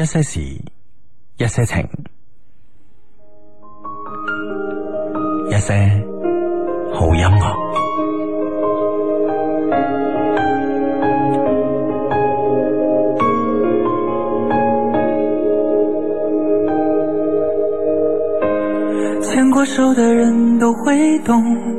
一些事，一些情，一些好音樂，啊，牽過手的人都會懂。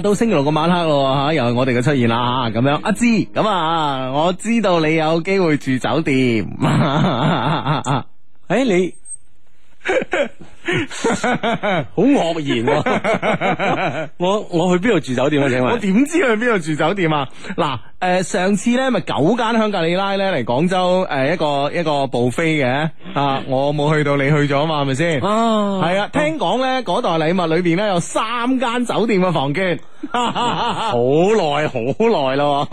到星期六個晚黑咯，吓又係我哋嘅出現啦，咁樣阿芝，咁啊，我知道你有機會住酒店，誒，你好愕然。我我去邊度住酒店啊，請問？我點知去邊度住酒店啊？嗱。誒，上次咧咪九間香格里拉咧嚟廣州誒一個一個部飛嘅吓，我冇去到，你去咗啊嘛，係咪先？哦，係啊，聽講咧嗰袋禮物裏邊咧有三間酒店嘅房間，好耐好耐咯，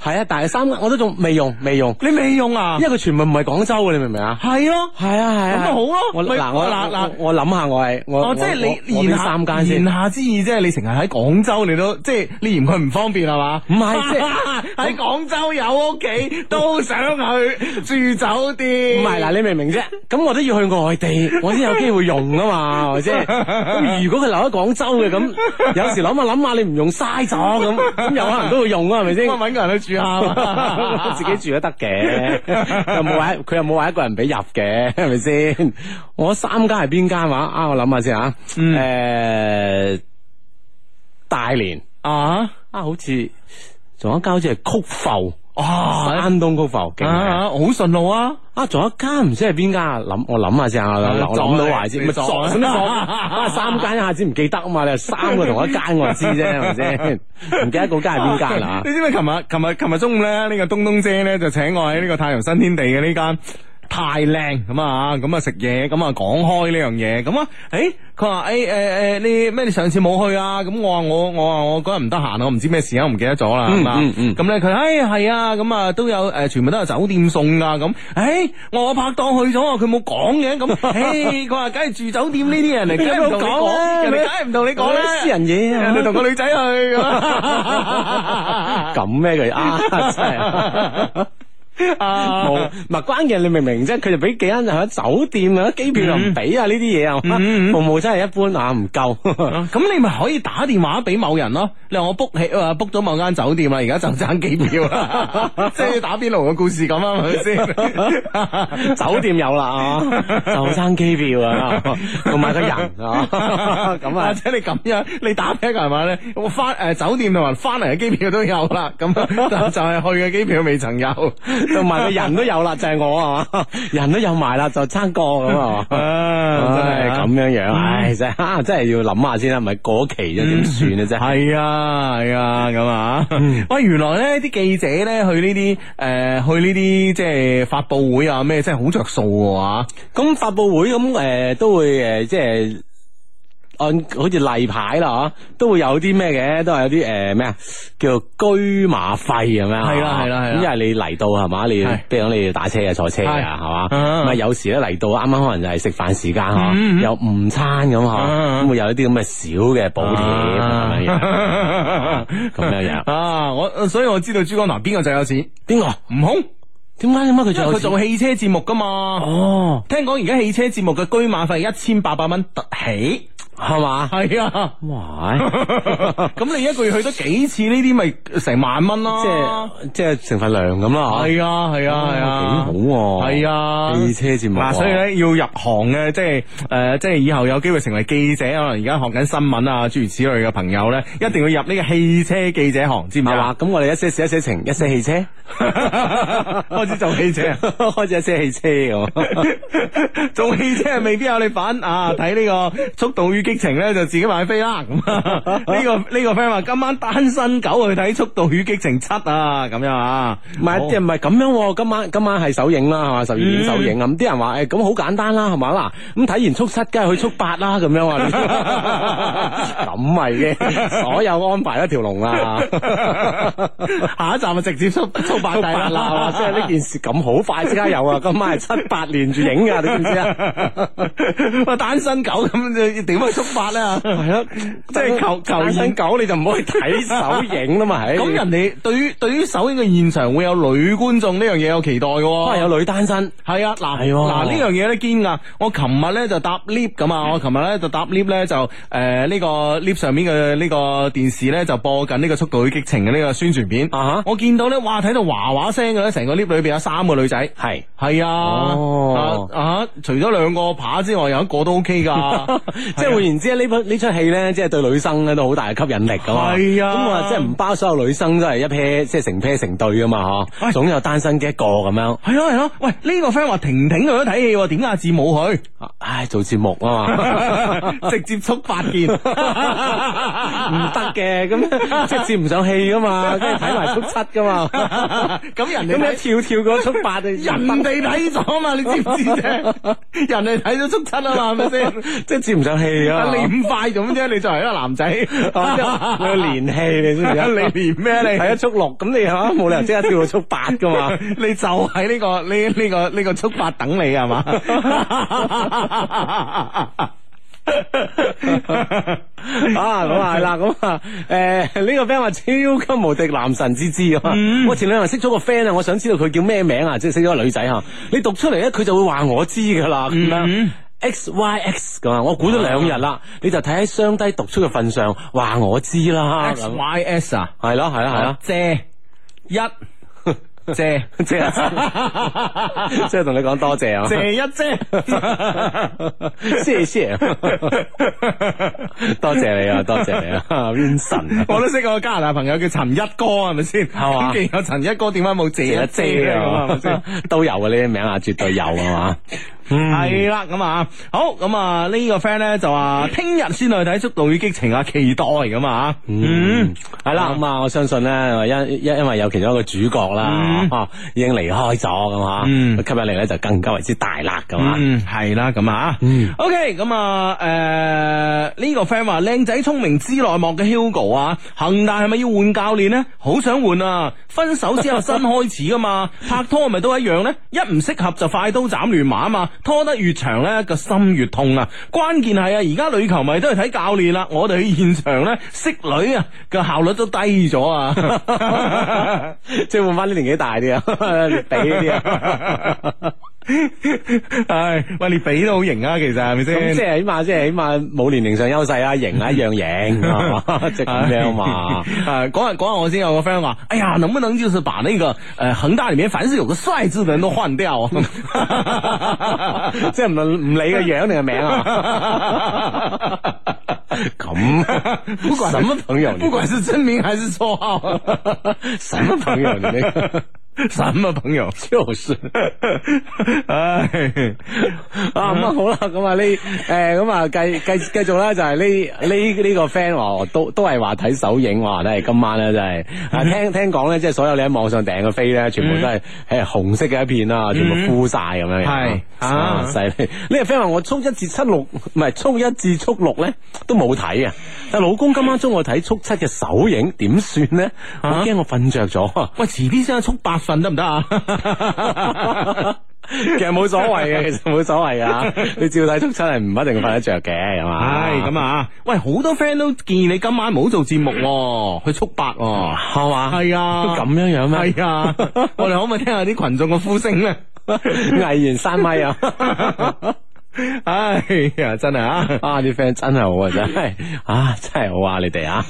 係啊，但係三間我都仲未用未用，你未用啊？因為佢全部唔係廣州嘅，你明唔明啊？係咯，係啊，係咁咪好咯。嗱我嗱嗱，我諗下我係我即係你言下言下之意即係你成日喺廣州你都即係你嫌佢唔方便係嘛？唔係係。喺廣州有屋企都想去住酒店。唔係嗱，你明唔明啫？咁我都要去外地，我先有機會用啊嘛，係咪先？咁如果佢留喺廣州嘅，咁有時諗下諗下，你唔用嘥咗咁，咁有可能都會用啊，係咪先？搵個人去住下，自己住都得嘅，又冇話佢又冇話一個人俾入嘅，係咪先？我三間係邊間話？啊，我諗下先啊。誒，大連啊啊，好似。仲有一間好似係曲阜啊，丹東曲阜，啊，啊好順路啊，啊仲有一間唔知係邊間啊，諗我諗下先啊，我諗到為止，傻啊， 三間一下子唔記得啊嘛，你三個同一間我就知啫，係咪先？唔記得嗰間係邊間啦？你知唔知？琴日琴日琴日中午咧，呢、呢個東東姐咧就請我喺呢個太陽新天地嘅呢間。太靚咁啊，咁啊食嘢，咁啊講開呢樣嘢，咁啊，誒、欸，佢話誒，誒、欸，誒、欸欸，你咩？你上次冇去啊？咁我話我，我話我嗰日唔得閒啊，我唔知咩事啊，我唔記得咗啦，係嘛？咁咧佢，誒，係啊，咁啊都有，誒，全部都係酒店送噶，咁、啊，誒、欸，我拍檔去咗，佢冇講嘅，咁、啊，誒、欸，佢話梗係住酒店呢啲人嚟，梗冇講咧，人哋梗係唔同你講咧，私人嘢啊，你同、啊、個女仔去啊，咁咩佢？啊，真係。 啊，冇、uh,，唔係關鍵，你明唔明啫？佢就俾幾間喺酒店啊，機票又唔俾啊，呢啲嘢啊， 服務真係一般啊，唔夠。咁 你咪可以打電話俾某人咯、啊。你話我 book 起 b o o k 到某間酒店啊，而家就爭機票啊，即係打邊爐嘅故事咁啊，係咪先？酒店有啦啊，就爭機票啊，同埋個人啊，咁啊。即係你咁樣，你打咩嘅係嘛咧？翻誒、呃、酒店同埋翻嚟嘅機票都有啦，咁就係去嘅機票未曾有。 同埋個人都有啦，就係、是、我啊，嘛，人都有埋啦，就差個咁 啊，咁、嗯、樣樣，唉、嗯哎，真係，真係要諗下先啦，唔係過期咗點算啊？啫，係、呃、啊，係啊，咁啊，喂，原來咧啲記者咧去呢啲誒，去呢啲即係發佈會啊咩，真係好着數啊話，咁發佈會咁誒都會誒即係。按好似例牌啦，嗬，都會有啲咩嘅，都係有啲誒咩啊，叫做居馬費咁樣。係啦，係啦，係咁因為你嚟到係嘛，你，譬如講你要打車啊，坐車啊，係嘛，咁啊有時咧嚟到啱啱可能就係食飯時間嗬，有誤餐咁嗬，會有一啲咁嘅少嘅保險咁樣樣。啊，我所以我知道珠江台邊個就有錢，邊個？吳雄。點解點解佢佢做汽車節目噶嘛？哦，聽講而家汽車節目嘅居馬費一千八百蚊，得起。係嘛？係啊！哇！咁你一個月去多幾次呢啲，咪成萬蚊啦！即係即係成份糧咁啦！係啊！係啊！係啊！幾好喎！係啊！汽車節目嗱，所以咧要入行嘅，即係誒，即係以後有機會成為記者，可能而家學緊新聞啊，諸如此類嘅朋友咧，一定要入呢個汽車記者行，知唔知啊？咁我哋一些事，一些情，一些汽車，開始做汽車，開始一些汽車，做汽車未必有你份啊！睇呢個速度與激情咧，就自己買飛啦，咁呢個呢個 friend 話今晚單身狗去睇《速度與激情七》啊？咁樣啊？唔係即係唔係咁樣？今晚今晚係首映啦，係嘛？十二點首映咁，啲人話誒咁好簡單啦，係嘛？嗱咁睇完速七，梗係去速八啦，咁樣啊？咁咪嘅，所有安排一條龍啦。下一站啊，直接速速八第八啦，即係呢件事咁好快，即刻有啊！今晚係七八連住影噶，你知唔知啊？啊，單身狗咁就？速啦，係啊，即係求求生狗你就唔好去睇首映啦嘛，咁人哋對於對於首映嘅現場會有女觀眾呢樣嘢有期待嘅，都係有女單身，係啊，嗱，嗱呢樣嘢咧堅噶，我琴日咧就搭 lift 咁啊，我琴日咧就搭 lift 咧就誒呢個 lift 上面嘅呢個電視咧就播緊呢個速度與激情嘅呢個宣傳片，我見到咧哇睇到嘩嘩聲嘅咧，成個 lift 裏邊有三個女仔，係係啊，啊除咗兩個扒之外有一個都 OK 噶，即係會。然之後呢出戲咧，即係對女生咧都好大嘅吸引力噶嘛。係啊，咁我話即係唔包所有女生，都係一 pair，即係成 pair 成對噶嘛嗬。總有單身嘅一個咁樣。係咯係咯，喂，呢個 friend 話婷婷去咗睇戲，點解阿志冇去？唉，做節目啊嘛，直接速八件，唔得嘅，咁即係接唔上戲噶嘛，即係睇埋速七噶嘛。咁人哋咁一跳跳過速八，人哋睇咗嘛？你知唔知啫？人哋睇咗速七啊嘛，係咪先？即係接唔上戲啊？你唔快做啫，你作為一個男仔，你練氣你先。你練咩？你係一速六，咁你係冇理由即刻跳到速八噶嘛？你就喺呢個呢呢個呢個速八等你係嘛？啊咁係啦，咁、嗯、啊誒呢個 friend 話超級無敵男神之姿啊！嗯、我前兩日識咗個 friend 啊，我想知道佢叫咩名啊，即係識咗個女仔吓。你讀出嚟咧，佢就會話我知噶啦咁樣。啊呃嗯 X Y X 噶嘛，我估咗兩日啦，你就睇喺雙低讀出嘅份上，話我知啦。Y S 啊，係咯係咯係咯，謝一 謝謝，即係同你講多謝啊，謝一姐 謝，謝，謝謝，多謝你啊，多謝你啊，Vincent，我都識個加拿大朋友叫陳一哥係咪先？係嘛，吧既然有陳一哥，點解冇謝一姐謝一姐啊？係咪先？都有啊，呢啲名啊，絕對有啊嘛。 嗯，係啦，咁啊，好，咁啊，這個、呢個 friend 咧就話聽日先去睇《速度與激情》啊，期待噶嘛，嗯，嗯，係啦了，咁啊，嗯，我相信咧，因因因為有其中一個主角啦，嗯、已經離開咗，咁啊，嗯、吸引力咧就更加為之大，嗯、嘛啦，咁啊，係啦，嗯 okay, 嗯，咁、這、啊、個，嗯，OK，咁啊，誒，呢個 friend 話靚仔聰明知內幕嘅 Hugo 啊，恒大係咪要換教練呢？好想換啊！分手之後新開始噶嘛， 拍拖咪都一樣呢，一唔適合就快刀斬亂麻啊嘛！拖得越長咧，個心越痛啊！關鍵係啊，而家女球迷都係睇教練啦，我哋去現場咧識女啊，個效率都低咗啊，即係換翻啲年紀大啲啊，肥啲啊。 唉、 哎，喂，你肥都好型啊，其實係咪先？咁、嗯嗯、即係起碼，即係起碼冇年齡上優勢啊，型啊一樣型，係嘛？ 即係咁樣嘛？誒， 講下講下，我先有個 friend 話，哎呀，能不能就是把呢、那個誒、呃、恒大裏面凡是有個帥字的人都換掉？啊。即係唔唔理個樣定個名啊？咁，不管什麼朋友，不管是真名還是綽號，什麼朋友你？什麼朋友，超好唉，啊咁啊好啦，咁啊呢誒咁啊繼繼繼續啦，就係呢呢呢個 friend 話都都係話睇首映話咧，你今晚咧就係、係啊，聽聽講咧，即係所有你喺網上訂嘅飛咧，全部都係係紅色嘅一片啦，全部敷晒咁樣係啊，犀利。呢個 friend 話我速一至速六唔係速一至速六咧都冇睇啊，6，啊 但老公今晚中我睇速七嘅首映點算咧？我驚我瞓着咗，喂，遲啲先啊，速八。瞓得唔得啊？其實冇所謂嘅，其實冇所謂啊！你照大促出係唔一定瞓得着嘅，係嘛？係咁、哎、啊！喂，好多 friend 都建議你今晚唔好做節目、啊，去速八哦，係嘛？係啊，都咁樣樣咩？係啊，我哋可唔可以聽下啲群眾嘅呼聲咧？藝言三米啊！ 啊 哎呀，真係啊！ 啊，啲 friend 真係好啊，真係 啊，真係好啊，你哋啊！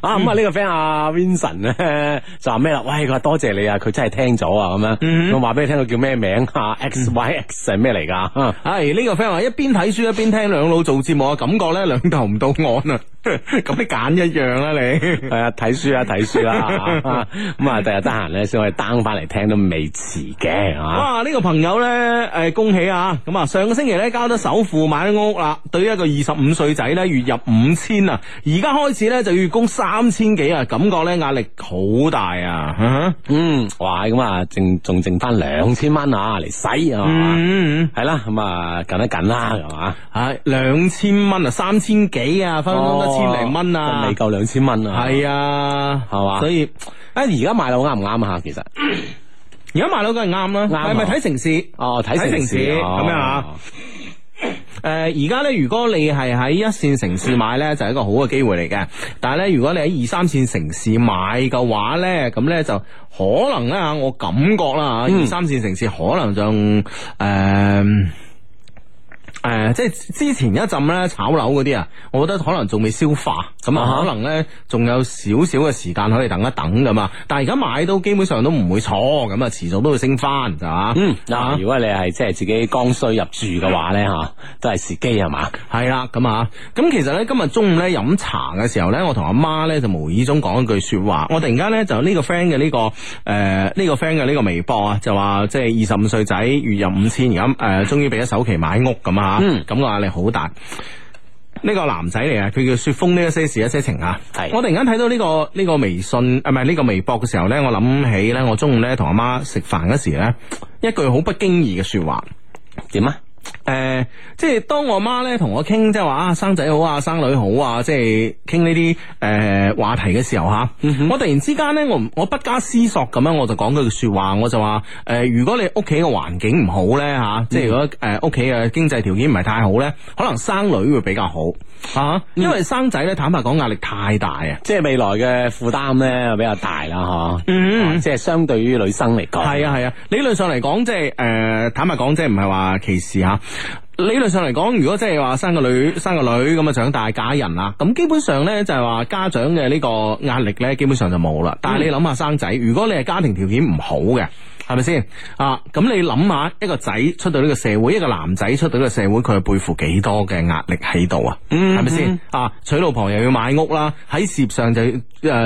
啊咁，啊呢個 friend 阿 Vinson 咧就話咩啦？喂，佢話多謝你啊，佢真係聽咗啊咁樣。我話俾你聽到叫咩名啊？X Y X 係咩嚟噶？係呢個 friend 話一邊睇書一邊聽兩老做節目啊，感覺咧兩頭唔到岸啊。咁你揀一樣啦你。係啊，睇書啊，睇書啦。咁啊第日得閒咧先可以 down 翻嚟聽都未遲嘅。哇呢個朋友咧誒，恭喜啊咁，啊上個星期咧交咗首付買咗屋啦。對於一個二十五歲仔咧月入五千啊，而家開始咧就要三千幾啊，感覺咧壓力好大啊！嗯，哇，咁啊，剩仲剩返兩千蚊啊，嚟使啊嘛？係啦，咁啊，緊一緊啦，係嘛？啊，兩千蚊啊，三千幾啊，分分鐘一千零蚊啊，未夠兩千蚊啊，係啊，係嘛？所以，誒，而家賣樓啱唔啱啊？其實，而家賣樓梗係啱啦，嗱，係咪睇城市？哦，睇城市咁樣啊。誒，而家咧，如果你係喺一線城市買咧，就係、是、一個好嘅機會嚟嘅。但係咧，如果你喺二三線城市買嘅話咧，咁咧就可能咧，我感覺啦、嗯、二三線城市可能就誒。呃誒、呃，即係之前一陣咧炒樓嗰啲啊，我覺得可能仲未消化，咁啊可能咧仲、啊、哈有少少嘅時間可以等一等咁啊。但係而家買都基本上都唔會錯，咁啊，遲早都會升翻，係嘛？嗯，嗱，如果你係即係自己剛需入住嘅話咧吓，的都係時機，係嘛？係啦，咁啊，咁其實咧今日中午咧飲茶嘅時候咧，我同阿媽咧就無意中講一句說話，我突然間咧就呢個 friend 嘅呢個誒呢、呃呢個 friend 嘅呢個微博啊，就話即係二十五歲仔月入五千而家誒，終於俾咗首期買屋咁啊。嗯，咁個壓力好大。呢個男仔嚟啊，佢叫雪峰。呢一些事，一些情啊，係的。我突然間睇到呢個呢個微信，啊唔係呢個微博嘅時候咧，我諗起咧，我中午咧同阿媽食飯時咧，一句好不經意嘅說話，點啊？誒、呃，即係當我媽咧同我傾，即係話啊，生仔好啊，生女好啊，即係傾呢啲誒話題嘅時候吓，嗯、哼我突然之間咧，我我不加思索咁樣，我就講句說話，我就話誒、呃，如果你屋企嘅環境唔好咧吓、啊，即係如果誒屋企嘅經濟條件唔係太好咧，可能生女會比較好吓、啊，因為生仔咧坦白講壓力太大啊，即係未來嘅負擔咧比較大啦吓，即係相對於女生嚟講，係、嗯、哼啊係啊，理論上嚟講，即係誒坦白講，即係唔係話歧視吓。啊理論上嚟講，如果即係話生個女，生個女咁啊長大嫁人啦，咁基本上呢，就係話家長嘅呢個壓力呢，基本上就冇啦。但係你諗下生仔，如果你係家庭條件唔好嘅。係咪先啊？咁你諗下，一個仔出到呢個社會，一個男仔出到呢個社會，佢係背負幾多嘅壓力喺度、嗯、啊？係咪先啊？娶老婆又要買屋啦，喺事業上就要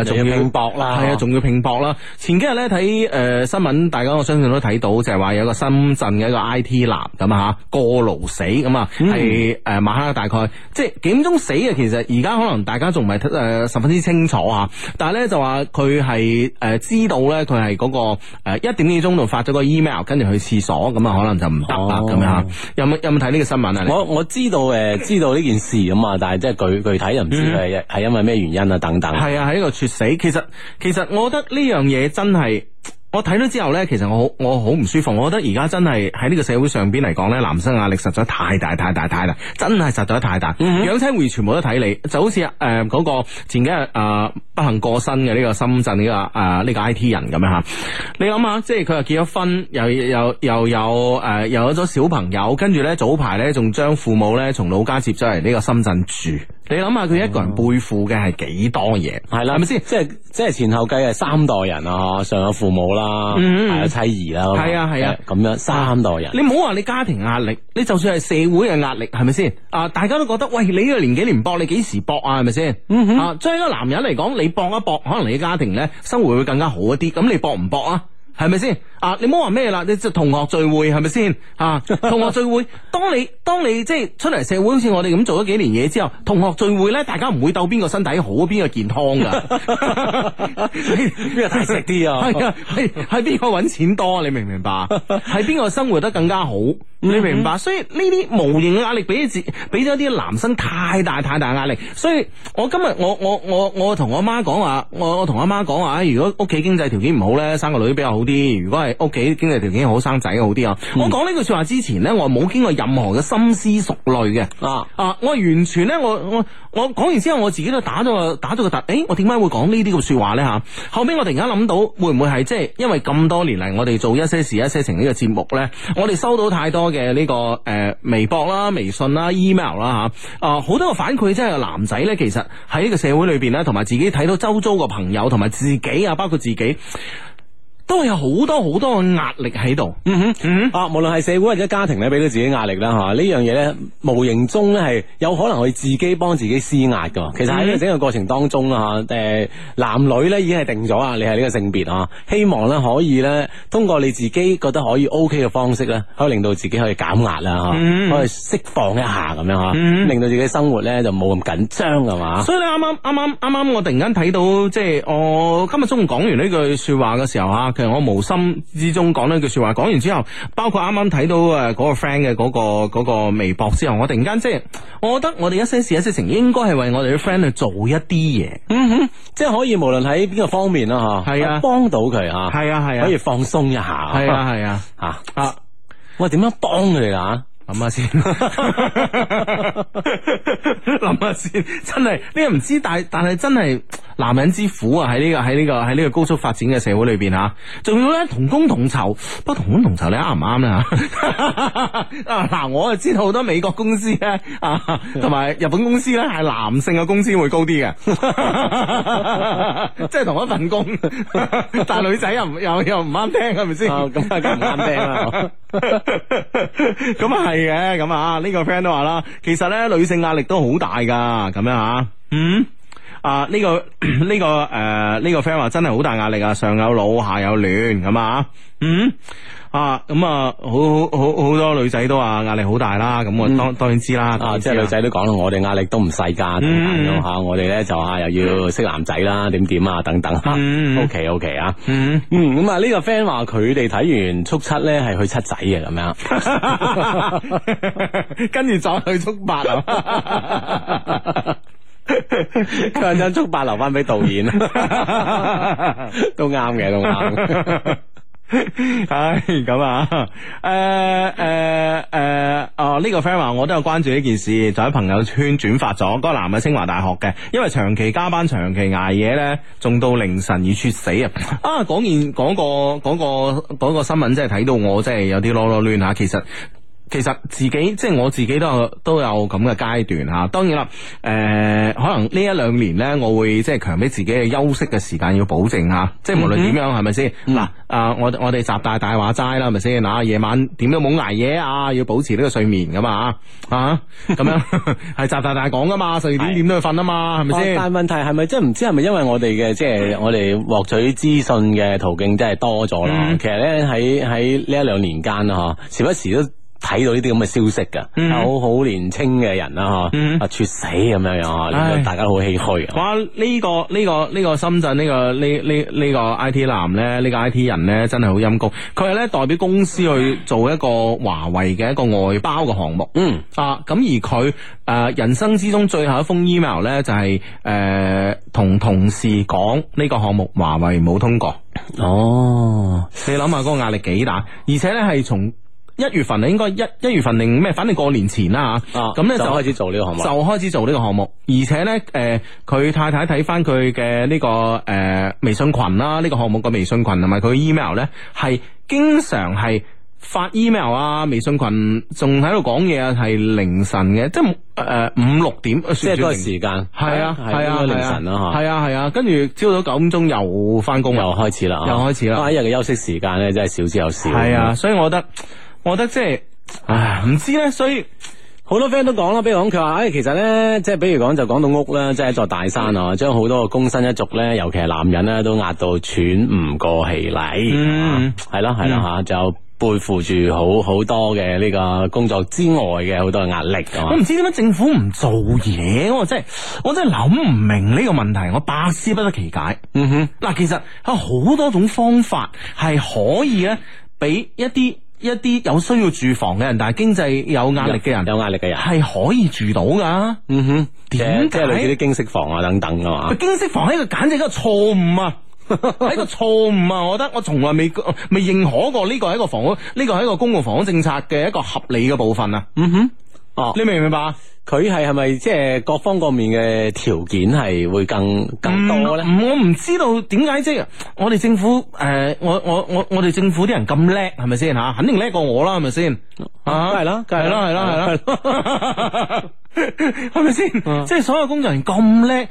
誒，仲要拼搏啦，係啊搏，仲要拼搏啦。啊、前幾日咧睇誒新聞，大家我相信都睇到，就係、是、話有個深圳嘅一個 I T 男咁吓過勞死咁啊，係誒晚黑大概即係幾點鐘死嘅？其實而家可能大家仲唔係誒十分之清楚啊。但係咧就話佢係誒知道咧，佢係嗰個誒一點幾鐘。中途發咗個 email，跟住去廁所咁啊，可能就唔得啦。咁樣、哦。有冇有冇睇呢個新聞啊？我我知道誒，知道呢件事咁啊，但係即係具具體又唔知佢係係因為咩原因啊等等。係啊，喺呢個猝死，其實其實我覺得呢樣嘢真係。我睇咗之後呢，其實我好我好唔舒服。我覺得而家真係喺呢個社會上邊嚟講咧，男生壓力實在太大太大太大，真係實在太大。養親、mm hmm. 會全部都睇你，就好似誒嗰個前幾日誒、呃、不幸過身嘅呢個深圳呢、呃這個誒呢個 IT 人咁樣吓。你諗下，即係佢又結咗婚，又又又有誒、呃，又有咗小朋友，跟住呢早排呢，仲將父母呢從老家接咗嚟呢個深圳住。你諗下佢一個人背負嘅係幾多嘢？係啦的，係咪先？即係即係前後計係三代人啊！上有父母啦，係啊、嗯，妻兒啦，係啊，係啊，咁樣三代人。你唔好話你家庭壓力，你就算係社會嘅壓力，係咪先？啊，大家都覺得喂，你呢個年紀你唔搏，你幾時搏啊？係咪先？嗯、哼啊，作為一個男人嚟講，你搏一搏，可能你嘅家庭咧生活會更加好一啲。咁你搏唔搏啊？係咪先？啊！你冇話咩啦？你就同學聚會係咪先啊？同學聚會，當你當你即係出嚟社會，好似我哋咁做咗幾年嘢之後，同學聚會咧，大家唔會鬥邊個身體好，邊個健康噶。邊個大食啲啊？係係邊個搵錢多？你明唔明白？係邊個生活得更加好？你明唔明白？嗯、所以呢啲無形嘅壓力，俾自俾咗啲男生太大太大壓力。所以我今日我我我我同我阿媽講話，我我同我阿媽講話，如果屋企經濟條件唔好咧，生個女比較好啲。如果係。喺屋企經濟條件好，生仔好啲啊！嗯、我講呢句說話之前呢，我冇經過任何嘅深思熟慮嘅啊啊！我完全呢，我我我講完之後，我自己都打咗個打咗個突誒！我點解會講呢啲嘅說話呢？吓？後尾我突然間諗到會會，會唔會係即係因為咁多年嚟，我哋做一些事一些情呢個節目呢，我哋收到太多嘅呢、這個誒、呃、微博啦、微信啦、email 啦吓啊！好多個反饋，即係男仔呢，其實喺呢個社會裏邊呢，同埋自己睇到周遭個朋友同埋自己啊，包括自己。都會有好多好多嘅壓力喺度，嗯，嗯哼，嗯啊，無論係社會或者家庭咧，俾到自己壓力啦，吓，啊、呢樣嘢咧，無形中咧係有可能去自己幫自己施壓噶。其實喺呢個整個過程當中啦，吓誒，嗯哼啊，男女咧已經係定咗啊，你係呢個性別啊，希望咧可以咧，通過你自己覺得可以 O K 嘅方式咧，可以令到自己可以減壓啦，吓，啊，嗯，哼可以釋放一下咁樣吓，令到自己生活咧就冇咁緊張噶嘛。嗯，哼所以你啱啱啱啱啱啱，剛剛剛剛剛剛我突然間睇到，即係我、呃、今日中午講完呢句說話嘅時候吓。其實我無心之中講咗一句說話，講完之後，包括啱啱睇到誒嗰個 friend 嘅嗰個、嗰個微博之後，我突然間即係，我覺得我哋一些事一些情應該係為我哋啲 friend 去做一啲嘢。嗯哼，即係可以無論喺邊個方面啦吓，係啊，幫到佢啊，係啊係啊，可以放鬆一下，係啊係啊，吓啊，喂點樣幫佢啊？諗下先，諗下先，真係你又唔知，但但係真係男人之苦啊！喺呢個喺呢個喺呢個高速發展嘅社會裏邊啊，仲要咧同工同酬，不同工同酬，啊，你啱唔啱啊？嗱，我就知道好多美國公司咧啊，同埋日本公司咧係男性嘅工資會高啲嘅，啊，即係同一份工，但係女仔又又又唔啱聽係咪先？咁啊，咁唔啱聽啦，咁啊係。 咁啊，呢個 friend 都話啦，其實咧女性壓力都好大噶，咁樣啊，嗯，啊呢個呢個誒呢個 friend 話真係好大壓力啊，上有老下有嫩咁啊，嗯。啊，咁、嗯、啊、嗯，好好好好多女仔都話壓力好大啦，咁我當當然知啦，知啊，即係女仔都講啦，我哋壓力都唔細噶，吓、嗯啊，我哋咧就啊又要識男仔啦，點點、嗯、啊，等等、嗯啊，OK OK 啊，嗯，咁、嗯嗯、啊呢、這個 friend 話佢哋睇完速七咧係去七仔嘅。咁樣， 跟住再去速八啊， 佢將速八留翻俾導演都啱嘅，都啱。都對唉，咁、 哎、啊，誒誒誒誒，呢、呃哦這個 friend 話我都有關注呢件事，就喺、是、朋友圈轉發咗，嗰、那個男嘅清華大學嘅，因為長期加班、長期捱夜咧，仲到凌晨而猝死啊！ 啊，講完講個講個講個，講個，講個新聞真，真係睇到我真係有啲囉囉攣吓，其實。其實自己即係我自己都有都有咁嘅階段吓，當然啦，誒，可能呢一兩年咧，我會即係強逼自己嘅休息嘅時間要保證吓，即係無論點樣係咪先嗱，誒，我我哋習大大話齋啦，係咪先嗱？夜晚點都冇捱夜啊，要保持呢個睡眠噶嘛，啊，咁樣係習大大講噶嘛，十二點點都要瞓啊嘛，係咪先？但係問題係咪即係唔知係咪因為我哋嘅即係我哋獲取資訊嘅途徑真係多咗咯？其實咧喺喺呢一兩年間啦，吓時不時都。睇到呢啲咁嘅消息嘅，嗯、有好年青嘅人、嗯、啊吓，啊猝死咁樣樣，嗬唉，大家好唏噓。哇！呢、呢個呢、呢個呢、呢個深圳、呢個呢個呢個、IT 男呢、呢個 IT 呢呢呢個 I T 男咧，呢個 I T 人咧，真係好陰公。佢係咧代表公司去做一個華為嘅一個外包嘅項目。嗯啊，咁而佢誒、呃、人生之中最後一封 email 咧，就係誒同同事講呢個項目華為冇通過。哦，你諗下嗰個壓力幾大，而且咧係從。一月份啊，應該一一月份定咩？反正過年前啦吓，咁咧就開始做呢個項目，就開始做呢個項目。而且咧，誒，佢太太睇翻佢嘅呢個誒微信群啦，呢個項目個微信群同埋佢 email 咧，係經常係發 email 啊，微信群仲喺度講嘢啊，係凌晨嘅，即係誒五六點，即係個時間，係啊係啊凌晨啦吓，係啊係啊，跟住朝早九點鐘又翻工，又開始啦，又開始啦，一日嘅休息時間咧真係少之又少，係啊，所以我覺得。我覺得即係，唉，唔知咧，所以好多 friend 都講啦，比如講佢話，誒、哎，其實咧，即係比如講就講到屋啦，即係一座大山啊，將好、嗯、多嘅工薪一族咧，尤其係男人咧，都壓到喘唔過氣嚟，嗯，係咯係咯吓，就背負住好好多嘅呢個工作之外嘅好多嘅壓力。嗯嗯、我唔知點解政府唔做嘢，我真係我真係諗唔明呢個問題，我百思不得其解。嗯哼，嗱，其實啊，有好多種方法係可以咧，俾一啲。一啲有需要住房嘅人，但係經濟有壓力嘅人，有壓力嘅人係可以住到噶。嗯哼，點解即係類似啲經適房啊等等啊。嘛？經適房係一個簡直一個錯誤啊！係 一個錯誤啊！我覺得我從來未未認可過呢個係一個房屋，呢 個係一個公共房屋政策嘅一個合理嘅部分啊！嗯哼。哦，你明唔明白佢係係咪即係各方各面嘅條件係會更、嗯、更多咧、嗯？我唔知道點解即係我哋政府誒、呃，我我我我哋政府啲人咁叻係咪先吓？肯定叻過我啦，係咪先啊？係咯、啊，梗係咯，係咯，係咯、啊，係咪先？即係所有工作人員咁叻。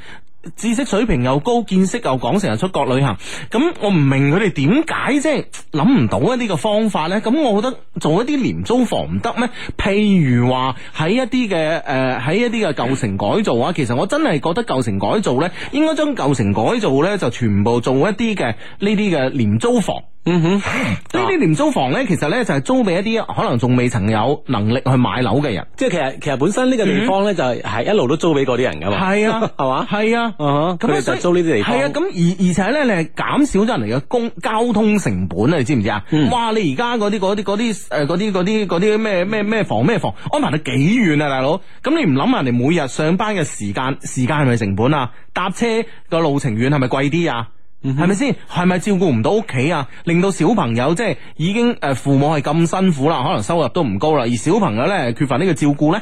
知識水平又高，見識又廣，成日出國旅行，咁我唔明佢哋點解即係諗唔到一啲嘅方法呢。咁我覺得做一啲廉租房唔得咩？譬如話喺一啲嘅誒，喺、呃、一啲嘅舊城改造啊，其實我真係覺得舊城改造呢，應該將舊城改造呢，就全部做一啲嘅呢啲嘅廉租房。嗯哼，呢啲廉租房咧，其實咧就係租俾一啲可能仲未曾有能力去買樓嘅人，即係其實其實本身呢個地方咧就係係一路都租俾嗰啲人噶嘛，係、嗯、啊，係嘛，係啊，咁租呢啲地方係啊，咁、啊、而而且咧，你係減少咗人哋嘅公交通成本啊，你知唔知啊？嗯、哇，你而家嗰啲啲啲誒啲啲啲咩咩咩房咩房，安排得幾遠啊，大佬？咁你唔諗下你每日上班嘅時間時間係咪成本啊？搭車個路程遠係咪貴啲啊？係咪先？係咪、嗯、 照顧唔到屋企啊？令到小朋友即係已經誒，父母係咁辛苦啦，可能收入都唔高啦，而小朋友咧缺乏呢個照顧咧。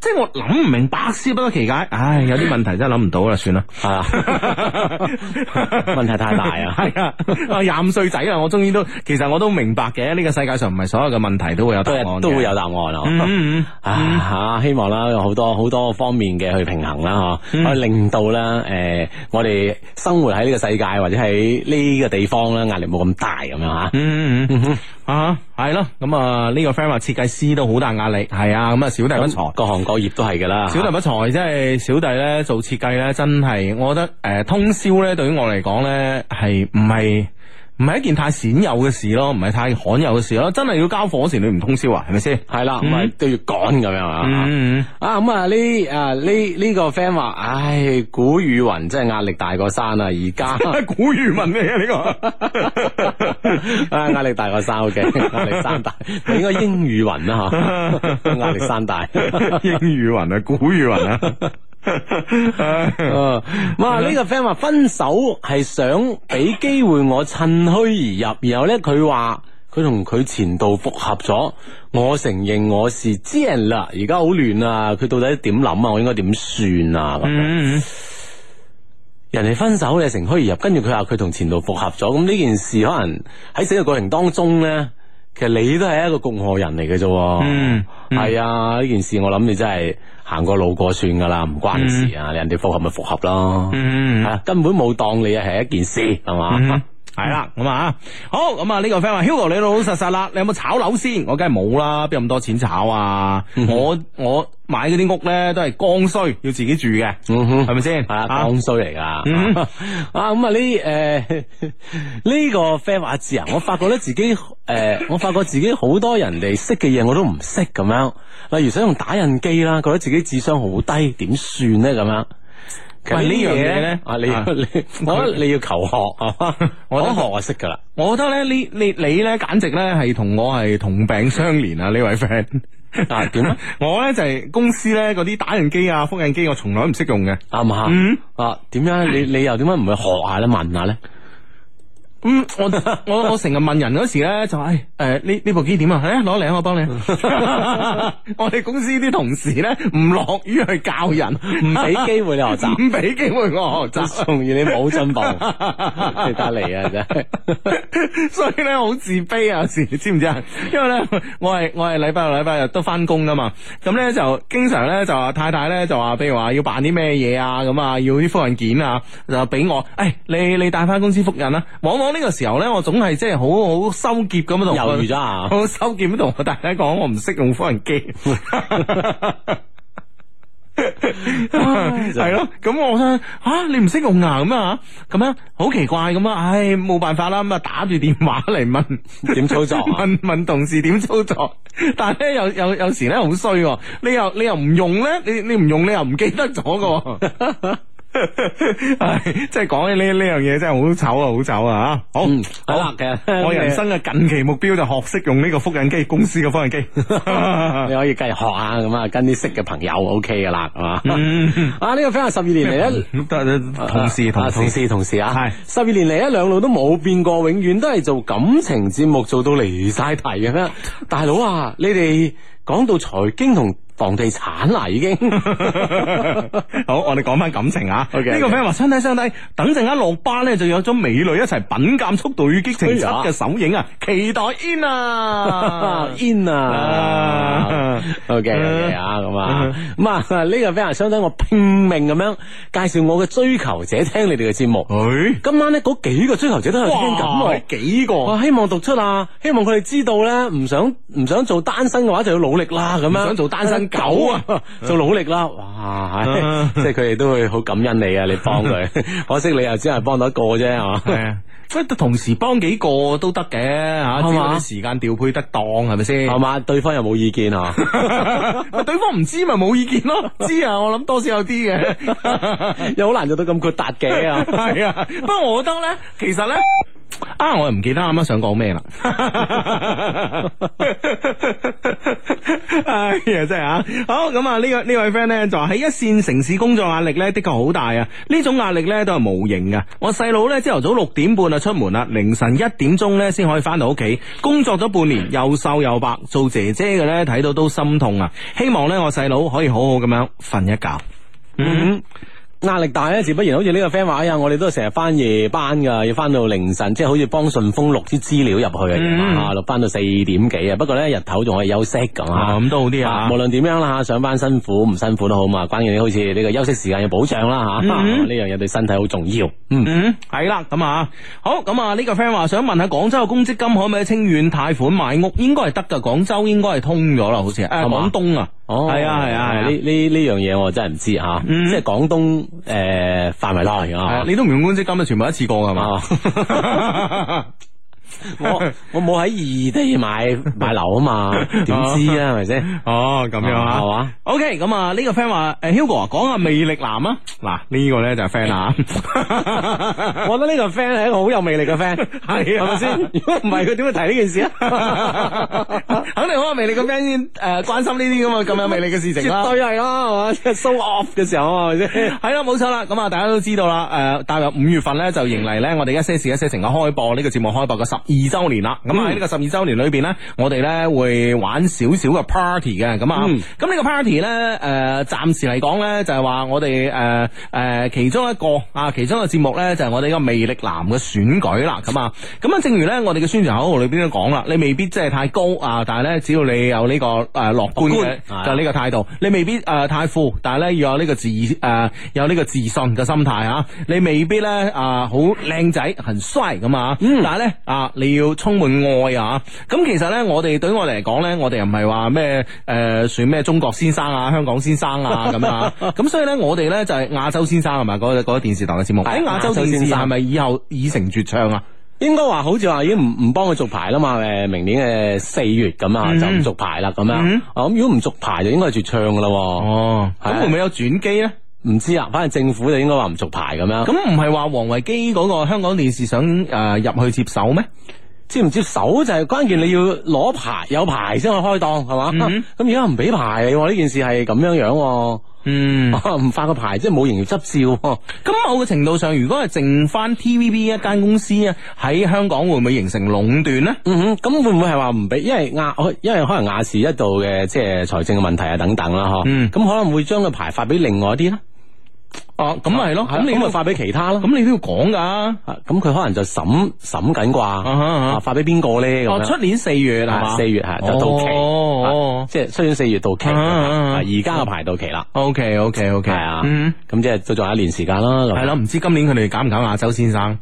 即係我諗唔明，百思不得其解。唉，有啲問題真係諗唔到啦，算啦。 問題太大啊，係 啊，廿五歲仔啊，我終於都，其實我都明白嘅。呢、這個世界上唔係所有嘅問題都會有答案，都會有答案咯。 嗯嗯、啊吓，希望啦，有好多好多方面嘅去平衡啦，嗬、嗯，可以令到啦，誒、呃，我哋生活喺呢個世界或者喺呢個地方咧，壓力冇咁大咁樣啊。嗯嗯嗯嗯啊，係咯，咁啊呢個 friend 話設計師都好大壓力，係啊，咁啊小弟不才，各行各業都係噶啦，小弟不才，即係的小弟咧做設計咧，真係我覺得誒、呃、通宵咧，對於我嚟講咧係唔係。唔係一件太鮮有嘅事咯，唔係太罕有嘅事咯，真係要交貨嗰時你唔通宵啊，係咪先？係啦，唔係都要趕咁樣啊。啊，咁啊呢啊呢呢個 friend 話，唉、哎，古語云真係壓力大過山啊！而家 古語云嚟啊，呢個 啊壓力大過山，O K，壓力山大， 應該英語云啊。吓、啊，壓力山大， 英語云啊，古語云啊。 哇！呢、 啊啊、個 friend 話分手係想俾機會我趁虛而入，然後呢，佢話佢同佢前度複合咗。我承認我是知人啦，而家好亂啊！佢到底點諗啊？我應該點算啊？嗯嗯，人哋分手你係乘虛而入，跟住佢話佢同前度複合咗。咁呢件事可能喺整個過程當中呢。其實你都係一個共害人嚟嘅啫，係、嗯嗯、啊呢件事我諗你真係行過路過算噶啦，唔關事啊，你、嗯、人哋復合咪復合咯，吓、嗯嗯啊、根本冇當你係一件事，係嘛？係啦，咁啊，嗯、好咁啊呢個 friend 話，Hugo 你老老實實啦，你有冇炒樓先？我梗係冇啦，邊有咁多錢炒啊？我、嗯、我。我買嗰啲屋咧，都係剛需，要自己住嘅，係咪先？係剛需嚟噶。啊，咁啊，呢誒呢個 friend 話：智啊，我發覺咧自己誒，我發覺自己好多人哋識嘅嘢，我都唔識咁樣。例如想用打印機啦，覺得自己智商好低，點算咧咁樣？唔係呢樣嘢咧，啊你你，我覺得你要求學啊，我覺得學我識噶啦。我覺得咧，你你你咧，簡直咧係同我係同病相憐啊！呢位 friend。啊，點咧？我咧就係公司咧嗰啲打印機啊、複印機，我從來唔識用嘅，啱唔啱？嗯，啊，點樣？你你又點解唔去學下咧、問下咧？嗯，我我我成日問人嗰時咧，就話誒誒呢呢部機點啊？攞嚟我幫你。我哋公司啲同事咧，唔樂於去教人，唔俾機會你學習，唔俾機會我學習，仲要你冇進步，得嚟啊真係。所以咧，好自卑啊，時知唔知啊？因為咧，我係我係禮拜六禮拜日都翻工噶嘛，咁咧就經常咧就話太太咧就話，譬如話要辦啲咩嘢啊，咁啊要啲複印件啊，就俾我，誒你你帶翻公司複印啊，往往。呢個時候咧，我總係即係好好收斂咁同我，好、啊、收斂咁同我大家講，我唔識用無人機。係 咯 唉，咁我吓你唔識用牙咁啊？咁、 嗯、啊，好奇怪咁、哎嗯、啊！唉， 冇辦法啦，咁啊打住電話嚟問點操作，問問同事點操作。但係咧，有有有時咧好衰，你又你又唔用咧，你你唔用你又唔記得咗個。 係， 即係講起呢呢樣嘢，真係好醜啊，好醜啊，吓、嗯！好，好啦的，我人生嘅近期目標就學識用呢個複印機，公司嘅複印機， 你可以繼續學下咁、okay 嗯、啊，跟啲識嘅朋友，O K 噶啦，係嘛、啊？啊，呢個 friend 十二年嚟啦，同事同同事同事啊，係十二年嚟啦，兩路都冇變過，永遠都係做感情節目，做到離晒題咁樣。大佬啊，你哋講到財經同。房地產啦，已經好，我哋講翻感情啊！OK，呢個 friend 話：相睇相睇，等陣間落班咧，就有咗美女一齊品鑑速度與激情七嘅首映啊！期待 in 啊，in 啊！OK 啊，咁啊，咁啊，呢個 friend 話：相睇，我拼命咁樣介紹我嘅追求者聽你哋嘅節目。今晚咧，嗰幾個追求者都有聽咁，係幾個？我希望讀出啊，希望佢哋知道咧，唔想唔想做單身嘅話，就要努力啦。咁樣唔想做單身。狗啊，做努力啦！哇，哎、 即係佢哋都會好感恩你啊！你幫佢，可惜你又只係幫到一個啫、啊，係嘛？不如同時幫幾個都得嘅吓，只要啲時間調配得當，係咪先？係嘛？對方又冇意見啊？咪對方唔知咪冇意見咯？知啊，我諗多少有啲嘅，又好難做到咁豁達嘅啊！係啊，不過我覺得咧，其實咧。啊！我又唔記得啱啱想講咩啦。 哎呀，真係啊！好咁啊，位朋友呢個呢位 friend 咧就喺一線城市工作壓力呢，的確好大啊！呢種壓力呢，都係無形嘅。我細佬呢，朝頭早六點半啊出門啦，凌晨一點鐘呢，先可以返到屋企。工作咗半年又瘦又白，做姐姐嘅呢，睇到都心痛啊！希望呢，我細佬可以好好咁樣瞓一覺。嗯哼。壓力大咧，自不然好似呢個 friend 話、哎、呀，我哋都成日翻夜班噶，要翻到凌晨，即係好似幫順豐錄啲資料入去、嗯、啊，錄翻到四點幾啊。不過咧日頭仲可以休息咁吓，咁都、啊、好啲啊，啊。無論點樣啦，上班辛苦唔辛苦都好嘛，關鍵你好似呢個休息時間有保障啦吓，呢、啊嗯啊、樣嘢對身體好重要。嗯，係啦、嗯，咁啊，好咁啊，呢、這個 friend 話想問下廣州嘅公積金可唔可以清遠貸款買屋應該？應該係得噶，廣州應該係通咗啦，好似誒，廣東嗎啊。哦，係啊，係啊，係呢呢呢樣嘢我真係唔知吓，嗯、即係廣東誒、呃、範圍內啊，啊你都唔用公積金啊，今日全部一次過係嘛？我我冇喺異地買買樓啊嘛，點知啊係咪先？是是哦，咁樣啊，係嘛、啊、？OK，咁啊呢個 friend 話誒、欸、，Hugo 講下魅力男啊，嗱呢 個咧就係 friend 啊，我覺得呢個 friend 係一個好有魅力嘅 friend，係係咪先？如果唔係佢點會提呢件事啊？ 肯定好有魅力嘅 friend 先誒關心呢啲咁啊咁有魅力嘅事情啦，絕對係啦、啊，係嘛？So off 嘅時候啊，係咪先？係 啦， 冇錯啦，咁啊大家都知道啦，誒大約五月份咧就迎嚟咧我哋一些事一些情嘅開播呢、呢個節目開播嘅十二周年啦，咁喺呢個十二周年裏邊呢，我哋呢會玩少少嘅 party 嘅，咁啊，咁呢個 party 呢，誒，暫時嚟講呢，就係話我哋誒誒其中一個啊，其中一個節目呢，就係我哋一個魅力男嘅選舉啦，咁啊，咁啊，正如呢我哋嘅宣傳口號裏邊都講啦，你未必真係太高啊，但係呢，只要你有呢個誒樂觀嘅就係呢個態度，你未必誒太富，但係呢要有呢個自誒有呢個自信嘅心態啊，你未必呢，啊好靚仔，很衰咁啊，但係呢啊。你要充滿愛啊！咁其實咧，我哋對我嚟講咧，我哋又唔係話咩誒，算咩中國先生啊，香港先生啊咁啊！咁 所以咧，我哋咧就係亞洲先生係咪？嗰、那、嗰個電視台嘅節目係亞 洲電視係咪以後已成絕唱啊？ 應該話好似話已經唔唔幫佢續牌啦嘛？誒，明年嘅四月咁啊，就唔續牌啦咁樣。咁 如果唔續牌就應該係絕唱噶啦，啊。 哦，會唔會有轉機咧？唔知啊，反正政府就應該話唔續牌咁樣。咁唔係話王維基嗰個香港電視想誒入，呃、去接手咩？接唔接手就係關鍵，你要攞牌有牌先可以開檔，係嘛？咁而家唔俾牌，呢件事係咁樣樣。嗯，唔發個牌即係冇營業執照。咁某個程度上，如果係剩翻 T V B 一間公司啊，喺香港會唔會形成壟斷呢？嗯哼，咁、嗯嗯、會唔會係話唔俾？因為亞，因為可能亞視一度嘅即係財政嘅問題啊等等啦，嗬。咁、嗯、可能會將個牌發俾另外一啲咧。哦，咁咪咯，咁你咁咪發俾其他咯，咁你都要講噶，咁佢可能就審審緊啩，發俾邊個咧？哦，出年四月啦，四月係就到期，即係出年四月到期，而家個排到期啦。O K O K O K 啊，咁即係都仲有一年時間啦。係咯，唔知今年佢哋揀唔揀亞洲先生？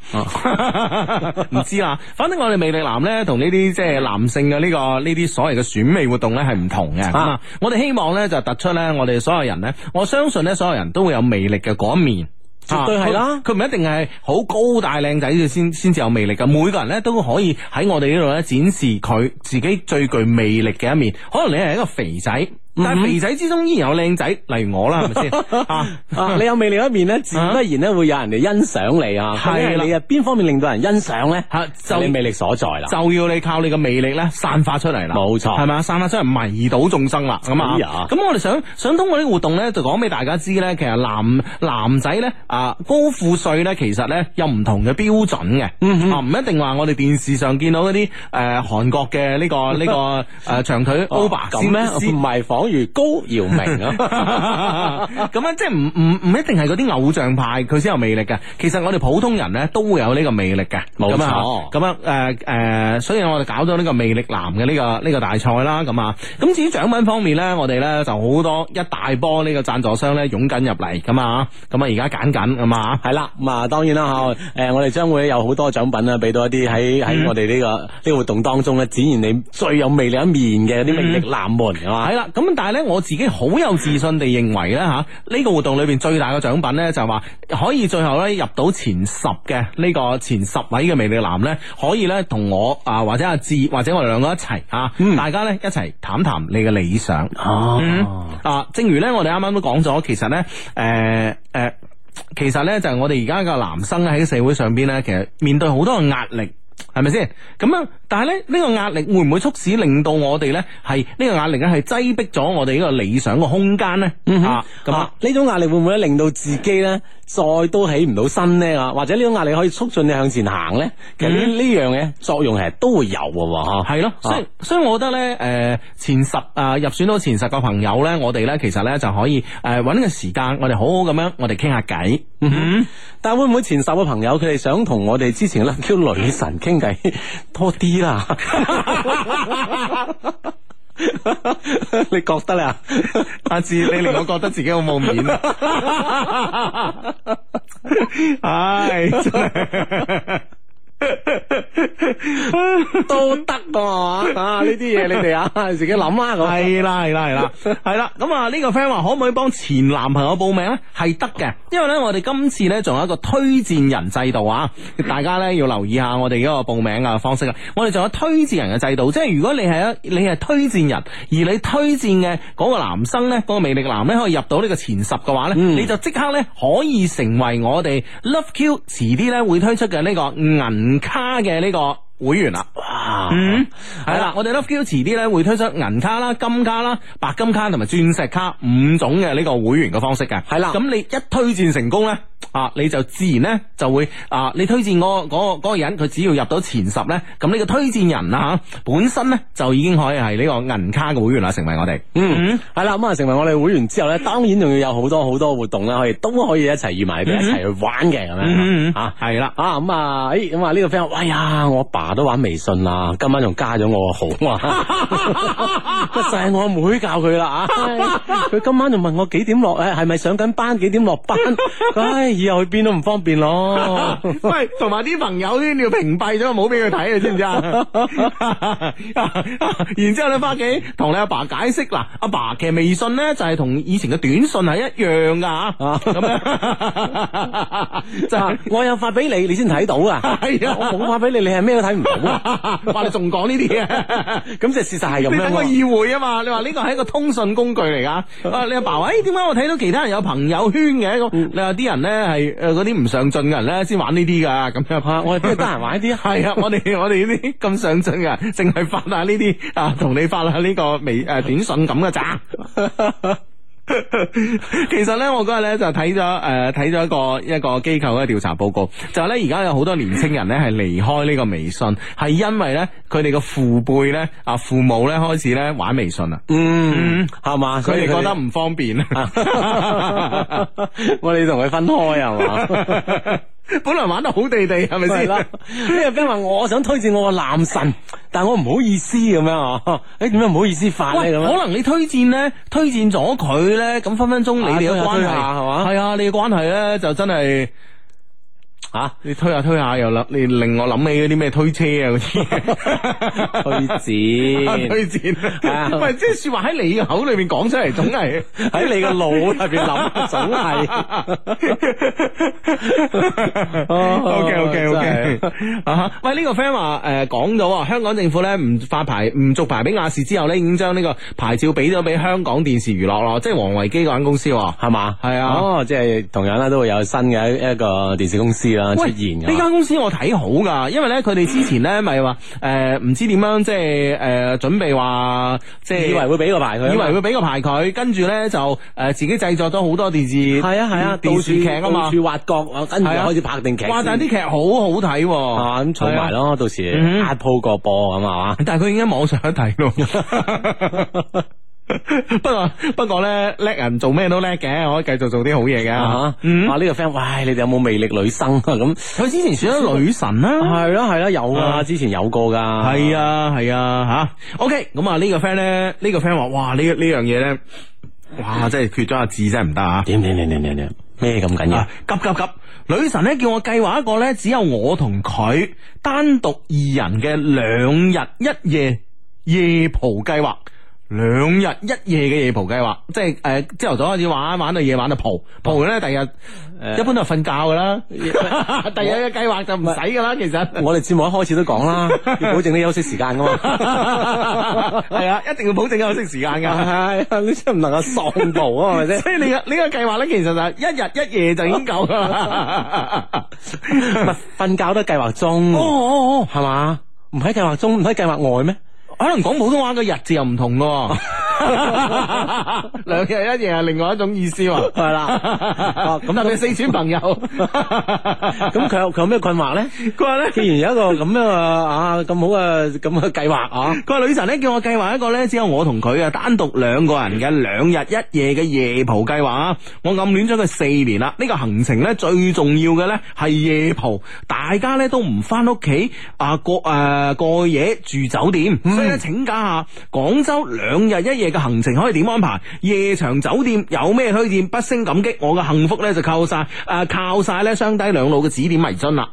唔知啊，反正我哋魅力男咧，同呢啲即係男性嘅呢個呢啲所謂嘅選美活動咧係唔同嘅。我哋希望咧就突出咧我哋所有人咧，我相信咧所有人都會有魅力嘅。嗰一面，絕對係啦。佢唔一定係好高大靚仔先先至有魅力㗎。每個人呢都可以喺我哋呢度咧展示佢自己最具魅力嘅一面。可能你係一個肥仔。但係肥仔之中依然有靚仔，例如我啦，係咪先？啊，你有魅力一面咧，自然而然咧會有人嚟欣賞你啊！係啦，你邊方面令到人欣賞咧？吓，就你魅力所在啦，就要你靠你嘅魅力咧，散發出嚟啦。冇錯，係咪啊？散發出嚟迷倒眾生啦！咁啊，咁我哋想想通過呢個活動咧，就講俾大家知咧，其實男男仔咧啊，高富帥咧，其實咧有唔同嘅標準嘅，唔一定話我哋電視上見到嗰啲誒韓國嘅呢個呢個誒長腿歐巴咁咧？唔係比如 高姚明啊，咁、哦、啊， 即係唔唔唔一定係嗰啲偶像派佢先有魅力嘅，其實我哋普通人咧都會有呢個魅力嘅，冇錯。咁啊錯，誒誒，uh, uh, uh, 所以我哋搞咗呢個魅力男嘅呢個呢、這個大賽啦，咁啊，咁至於獎品方面咧，我哋咧就好多一大波呢個贊助商咧湧緊入嚟，咁啊，咁啊而家揀緊，咁啊，係啦，咁、嗯、啊，當然啦，嗬，誒， 我哋將會有好多獎品啊，俾到一啲喺喺我哋呢個呢個活動當中咧展現你最有魅力一面嘅啲魅力男們，係嘛、mm，係、hmm. 啦，咁。但係咧，我自己好有自信地認為咧，吓、啊、呢、這個活動裏邊最大嘅獎品咧，就係話可以最後咧入到前十嘅呢、這個前十位嘅魅力男咧，可以咧同我啊或者阿、啊、志或者我哋兩個一齊吓，啊嗯、大家咧一齊談談你嘅理想。啊，嗯、啊，正如咧我哋啱啱都講咗，其實咧，誒、呃、誒、呃，其實咧就係、是、我哋而家嘅男生喺社會上邊咧，其實面對好多嘅壓力，係咪先？咁樣。但係咧，呢、呢個壓力會唔會促使令到我哋咧，係呢、呢個壓力咧係擠迫咗我哋呢個理想個空間咧？吓咁、嗯、哼啊，呢、啊啊、種壓力會唔會令到自己咧再都起唔到身咧、嗯？啊，或者呢種壓力可以促進你向前行咧？其實呢呢樣嘢作用係都會有嘅喎，係咯。所以、啊、所以所以我覺得咧，誒，前十啊入選到前十個朋友咧，我哋咧其實咧就可以誒揾、啊、個時間，我哋好好咁樣我哋傾下偈。嗯哼，但係會唔會前十個朋友佢哋想同我哋之前咧叫女神傾偈多啲？啊！ 你覺得啊，下次你令我覺得自己好冇面啊！唉，真係。 都得㗎嘛？啊，呢啲嘢你哋啊，自己諗下，噉樣。係啦，係啦，係啦，係啦 咁啊，呢個 friend 話可唔可以幫前男朋友報名呢？係得嘅，因為呢，我哋今次呢仲有一個推薦人制度啊！大家呢要留意下我哋嗰個報名嘅方式啊！我哋仲有推薦人嘅制度，即係如果你係你係推薦人，而你推薦嘅嗰個男生呢，嗰、嗰個魅力男呢，可以入到呢個前十嘅話，嗯、呢，你就即刻呢可以成為我哋 Love Q 遲啲呢會推出嘅呢個銀。銀卡嘅呢個會員啦，哇嗯，係啦了，嗯、我哋 Love Choice 遲啲咧會推出銀卡啦、金卡啦、白金卡同埋鑽石卡五種嘅呢個會員嘅方式嘅，係啦了，咁你一推薦成功咧。啊！你就自然咧，就會啊！你推薦嗰、嗰個、嗰個人，佢只要入到前十咧，咁呢個推薦人啊，吓本身咧就已經可以係呢個銀卡嘅會員啦，成為我哋。嗯，係啦，咁啊，成為我哋會員之後咧，當然仲要有好多好多活動啦，可以都可以一齊預埋，一齊去玩嘅，咁樣啊？係啦，啊咁啊，哎咁啊，呢、呢個 friend，哎呀，我阿爸，爸都玩微信啦，今晚仲加咗我個號啊，都係我妹教佢啦，啊，佢、哎、今晚仲問我幾點落誒，係咪上緊班？幾點落班？以後去邊都唔方便咯。喂，同埋啲朋友圈要屏蔽咗，冇俾佢睇啊，知唔知啊？然之後咧，你翻屋企，同你阿爸解釋嗱，阿爸其實微信咧就係同以前嘅短信係一樣噶，咁樣就我有發俾你，你先睇到噶。係啊，我冇發俾你，你係咩都睇唔到啊？話你仲講呢啲嘢，咁即事實係咁樣。你等個意會啊嘛？你話呢個係一個通訊工具嚟噶？啊，你阿爸話，誒，點解我睇到其他人有朋友圈嘅？你話啲人咧？係誒，嗰啲唔上進嘅人咧，先玩呢啲噶。咁又怕我哋都係得閒玩啲。係啊，我哋我哋呢啲咁上進嘅，淨係發下呢啲啊，同、啊、你發下呢個微誒、啊、短信咁嘅咋。啊 其實咧，我嗰日咧就睇咗誒，睇咗一個一個機構嘅調查報告，就係咧而家，有好多年輕人咧係離開呢個微信，係因為咧佢哋嘅父輩咧啊父母咧開始咧玩微信啊，嗯，係嘛、嗯，佢哋嗎覺得唔方便，我哋同佢分開，係嘛。 本來玩得好地地係咪先？呢，阿兵話我想推薦我個男神， 但我唔好意思咁樣啊， 哎，點樣唔好意思發喂樣可能你推薦咧，推薦咗佢咧，咁分分鐘、啊、你哋嘅關係係嘛？係吧啊，你嘅關係咧就真係。吓、啊，你推下推下又諗，你令我諗起嗰啲咩推車 推戰 啊嗰啲，推薦推薦，唔係即係說話喺你嘅口裏邊講出嚟，總係喺你嘅腦入邊諗，總係。OK OK OK，喂、okay. 啊，呢、這個 friend 話誒講到啊，香港政府咧唔發牌唔續牌俾亞視之後咧，已經將呢個牌照俾咗俾香港電視娛樂咯，即係王維基嗰間公司係嘛，係 啊，啊哦，即係同樣咧都會有新嘅一一個電視公司啦。出現呢間公司我睇好噶，因為咧佢哋之前咧咪話誒唔知點樣即係誒準備話即係以為會俾個牌佢。以為會俾個牌佢，跟住咧就誒自己製作咗好多電視，係啊係啊電視劇啊嘛，到處挖角，跟住開始拍定劇。哇！但係啲劇好好睇，咁儲埋咯，到時壓鋪個播咁啊嘛。但係佢已經喺網上睇咯。 不過不過咧叻人做咩都叻嘅，我可以繼續做啲好嘢嘅吓。啊呢、這個 friend，喂，你哋有冇魅力女生啊？咁佢之前選咗女神啦，係啦係啦，有啊，之前有過噶，係啊係啊吓。OK，咁、嗯、啊、這個、呢、這個 friend 咧，呢個 friend 話，哇呢呢樣嘢咧，哇真係缺咗個字真係唔得啊！點點點點點點咩咁緊要？急急急！女神咧叫我計劃一個咧只有我同佢單獨二人嘅兩日一夜夜，夜蒲計劃。兩日一夜嘅夜蒲計劃，即係誒，朝頭早開始玩，玩到夜晚就蒲，蒲完咧第日，一般都係瞓覺噶啦。第日嘅計劃就唔使噶啦，其實我哋節目一開始都講啦，要保證啲休息時間噶嘛。係啊，一定要保證休息時間噶。係啊，你真係唔能夠喪蒲啊，係咪先？所以呢個呢個計劃咧，其實就係一日一夜就已經夠啦。瞓覺都計劃中，哦哦哦，係嘛？唔喺計劃中，唔喺計劃外咩？可能講普通話嘅日子又唔同咯。 兩日一夜係另外一種意思喎，係啦，咁但係四川朋友，咁佢有佢有咩困惑咧？佢話咧，既然有一個咁樣啊咁好啊咁嘅計劃啊，佢話女神咧叫我計劃一個咧只有我同佢啊單獨兩個人嘅兩日一夜嘅夜蒲計劃啊，我暗戀咗佢四年啦，呢個行程咧最重要嘅咧係夜蒲，大家咧都唔翻屋企啊過誒過夜住酒店，所以咧請假下廣州兩日一夜。嘅行程可以點安排？夜場酒店有咩推薦？不勝感激，我嘅幸福咧就靠晒誒、呃，靠晒咧雙低兩老嘅指點迷津啦。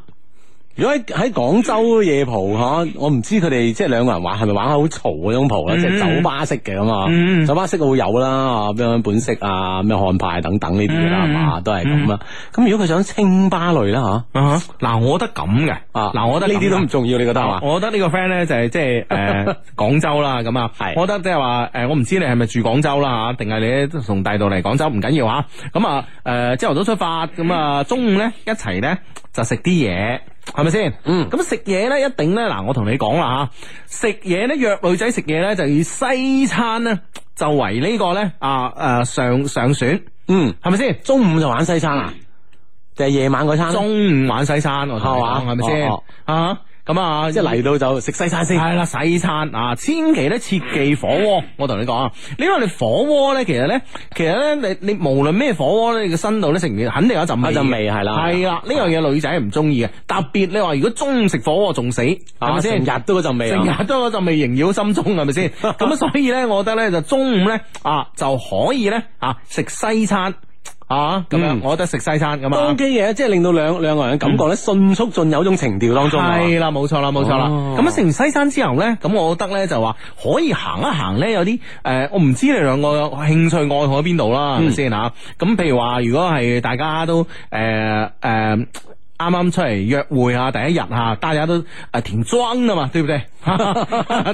如果喺喺廣州夜蒲嚇，我唔知佢哋即係兩個人玩，係咪玩好嘈嗰種蒲咧？即係酒吧式嘅咁啊，酒吧式會有啦嚇，咩本色啊，咩漢派等等呢啲啦嘛，都係咁啦。咁如果佢想清吧類啦，嚇，嗱，我覺得咁嘅啊，嗱，我覺得呢啲都唔重要，你覺得係嘛？我覺得呢個 friend 咧就係即係誒廣州啦咁啊，我覺得即係話誒，我唔知你係咪住廣州啦嚇，定係你咧從大度嚟廣州唔緊要嚇。咁啊誒朝頭早出發，咁啊中午咧一齊咧就食啲嘢。係咪先？嗯，咁食嘢咧，一定咧，嗱，我同你講啦吓，食嘢咧，約女仔食嘢咧，就以西餐咧，就為呢個咧，啊誒、啊、上上選，嗯，係咪先？中午就玩西餐啊？就係夜晚嗰餐？中午玩西餐，係嘛？係咪先啊？咁啊，一嚟到就食西餐先，係啦，西餐啊，千祈咧切忌火鍋，我同你講啊，你話你火鍋咧，其實咧，其實咧，你你無論咩火鍋咧，你個身度咧食完，肯定有一陣味，一陣味係啦，係啊，呢樣嘢女仔唔中意嘅，特別你話如果中午食火鍋仲死，係咪先？成日都嗰陣味，成日都嗰陣味縈繞心中，係咪先？咁所以咧，我覺得咧就中午咧啊就可以咧啊食西餐。啊，咁樣，嗯、我覺得食西餐咁嘛，當機嘢，即係令到兩兩個人嘅感覺咧，迅速進入一種情調當中，嗯。係啦，冇錯啦，冇錯啦。咁啊，食完，啊，西餐之後咧，咁我覺得咧就話可以行一行咧，有啲誒、呃，我唔知你兩個興趣愛好喺邊度啦，係咪先吓？咁、嗯、譬如話，如果係大家都誒誒。呃呃呃啱啱出嚟約會啊，第一日啊，大家都誒填妝啊嘛，對唔對？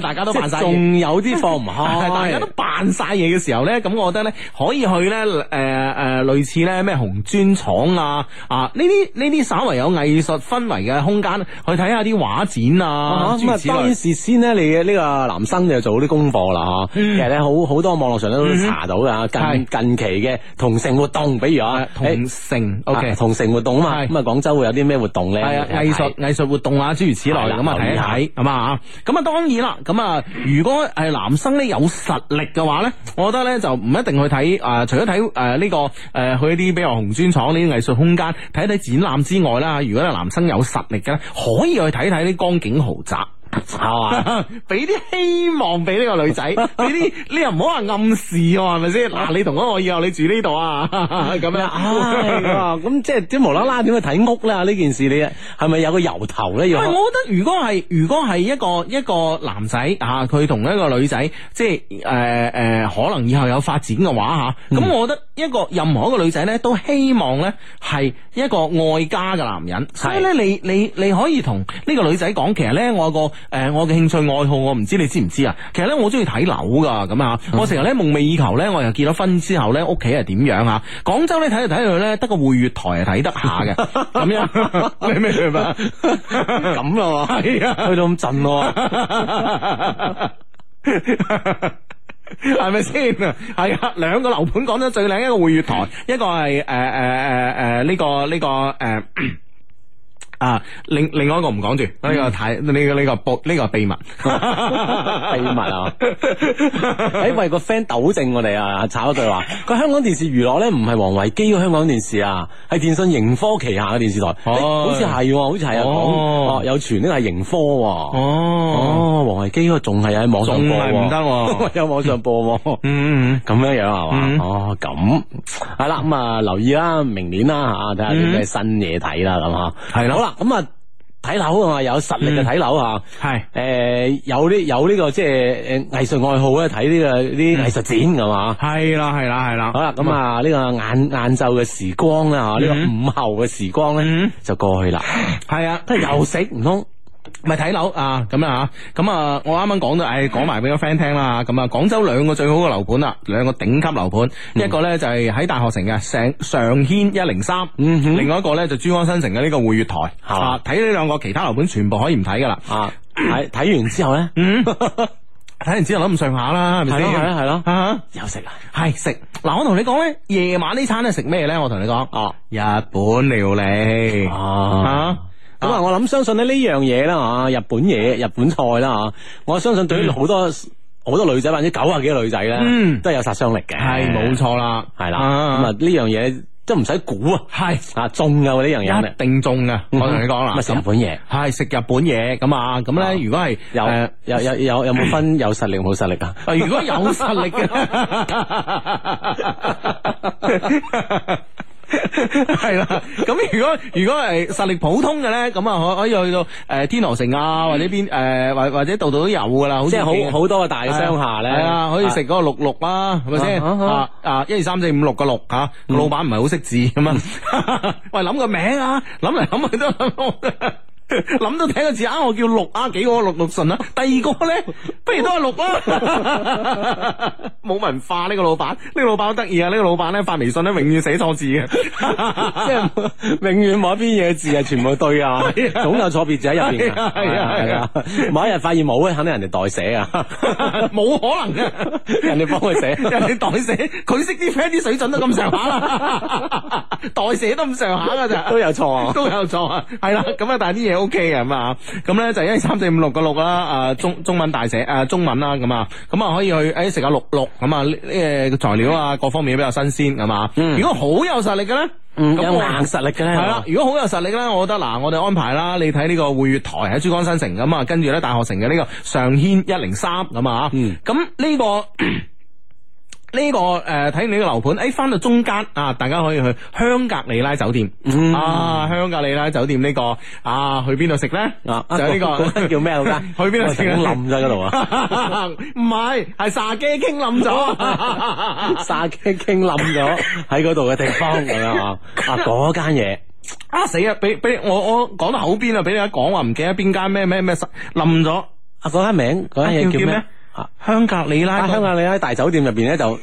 大家都扮晒嘢，仲有啲放唔開，大家都扮晒嘢嘅時候咧，咁我覺得咧可以去咧，誒誒類似咧咩紅專廠啊啊呢啲呢啲稍為有藝術氛圍嘅空間，去睇下啲畫展啊。咁啊，當然事先咧，你嘅呢個男生就做啲功課啦，吓，其實咧好好多網絡上都查到噶近近期嘅同城活動，比如啊同城，ok，同城活動啊嘛，咁啊廣州會有。啲咩活動咧？係啊，藝術藝術活動啊，諸如此類啦。咁啊的，睇一睇，係嘛啊。咁啊，當然啦。咁啊，如果係男生咧有實力嘅話咧，我覺得咧就唔一定去睇啊。除咗睇誒呢個誒去一啲比如紅磚廠呢啲藝術空間睇一睇展覽之外啦，如果係男生有實力嘅咧，可以去睇睇啲江景豪宅。係 啊，俾啲希望俾呢個女仔，俾啲你又唔好話暗示喎，係咪先？嗱，你同我我以後你住呢度啊，咁樣，係 啊、 哎，咁即係啲無啦啦點去睇屋咧？呢件事你係咪有個由頭咧？要， 我覺得如果係如果係一個一個男仔吓，佢、啊、同一個女仔即係誒誒，可能以後有發展嘅話吓，咁我覺得。一個任何一個女仔咧，都希望咧係一個愛家嘅男人，是所以咧，你你你可以同呢個女仔講，其實咧，我有個誒、呃，我嘅興趣愛好，我唔知你知唔知啊？其實咧，我中意睇樓噶，咁啊，嗯、我成日咧夢寐以求咧，我又結咗婚之後咧，屋企係點樣廣看看去看去啊？廣州咧睇嚟睇去咧，得個匯悅台係睇得下嘅，咁樣咩咩咩，咁啊，係啊，去到咁震。係咪先啊？係啊，兩個樓盤講得最靚，一個匯悅台，一個係誒誒誒誒呢個呢個誒。呃啊，另另外一個唔講住，呢個太，呢個呢個秘呢個秘密，秘密啊！哎，喂，個 friend 糾正我哋啊，炒咗對話。佢香港電視娛樂咧，唔係王維基嘅香港電視啊，係電信盈科旗下嘅電視台。好似係，好似係有傳咧係盈科。哦，哦，王維基個仲係喺網上播，仲唔得，有網上播。嗯，咁樣樣係嘛？哦，咁係啦，咁啊，留意啦，明年啦吓，睇下有啲新嘢睇啦，咁吓。係啦，好啦。咁啊，睇樓啊嘛，有實力嘅睇樓啊，係、嗯，誒、呃，有啲、這個、有呢、這個即係誒藝術愛好咧，睇呢、這個啲藝術展，係嘛、嗯，係啦係啦係啦，好啦，咁啊呢個晏晏晝嘅時光啦，呢、嗯、個午後嘅時光咧、嗯、就過去啦，係啊、嗯，都 又死唔通。咪睇樓啊，咁啦咁啊，我啱啱講到，唉，講埋俾個 friend 聽啦，咁啊，廣州兩個最好嘅樓盤啦，兩個頂級樓盤，一個咧就係喺大學城嘅上上軒一零三，另外一個咧就珠江新城嘅呢個匯悅台，睇呢兩個其他樓盤全部可以唔睇噶啦，係睇完之後咧，睇完之後諗唔上下啦，係咪先？係咯，係咯，有食啊？係食嗱，我同你講咧，夜晚呢餐咧食咩咧？我同你講，哦，日本料理啊。咁啊！我諗相信咧呢樣嘢啦，吓日本嘢、日本菜啦，吓我相信對於好多好、嗯、多女仔，或者九啊幾個女仔咧，都有殺傷力嘅。係冇錯啦，係啦。咁啊呢樣嘢都唔使估啊，係啊中嘅呢樣嘢，一定中嘅。嗯、我同你講啦，食日本嘢係食日本嘢咁啊。咁咧， 如果係有有有有有冇分有實力冇實力噶？啊， 如果有實力嘅。 係啦，咁 如果如果係實力普通嘅咧，咁啊可可以去到誒、呃、天河城啊，或者邊誒、呃，或或者度度都有噶啦，好似好好多大商下咧，係啊，好似食嗰個六六啦，係咪先啊？啊一二三四五六個六吓，老闆唔係好識字咁啊，咪諗個名啊，諗嚟諗去都～ 諗到睇一個字啱，我叫六啊，幾個六六順啦。第二個咧，不如都係六啦。冇 文化呢、這個老闆，呢、這個老闆好得意啊！呢、這個老闆咧發微信咧，永遠寫錯字嘅，即係永遠冇一篇嘢字係全部對嘅，啊、總有錯別字喺入邊。係啊，某一日發現冇咧，肯定人哋代寫啊，冇 可能嘅， 人哋幫佢寫， 人哋代寫，佢識啲 friend 啲水準都咁上下代寫都咁上下噶咋？都有錯啊，都 有錯啊，係啦，咁啊， 錯啊 錯啊 但係啲嘢。O K 啊嘛，咁咧就一三四五六嘅六啦，啊中中文大寫啊中文啦，咁啊，咁啊可以去誒食下六六咁啊，呢誒、這個、材料啊，各方面都比較新鮮，係嘛。嗯、如果好有實力嘅咧，有硬實力嘅咧，係啦。如果好有實力咧，我覺得嗱，我哋安排啦、這個，你睇呢個匯悅台喺珠江新城咁啊，跟住咧大學城嘅呢個上軒一零三咁啊，咁呢個。呢個誒睇你呢個樓盤，誒翻到中間啊，大家可以去香格里拉酒店啊，香格里拉酒店呢個啊去邊度食咧？啊就呢個，叫咩？間去邊度食冧咗嗰度啊？唔係，係沙基傾冧咗，沙基傾冧咗喺嗰度嘅地方咁樣啊？啊嗰間嘢啊死啊！俾俾我我講到口邊啊，俾你一講話唔記得邊間咩咩咩冧咗啊？嗰間名嗰間嘢叫咩？香格里拉，啊、香格里拉大酒店入邊咧就。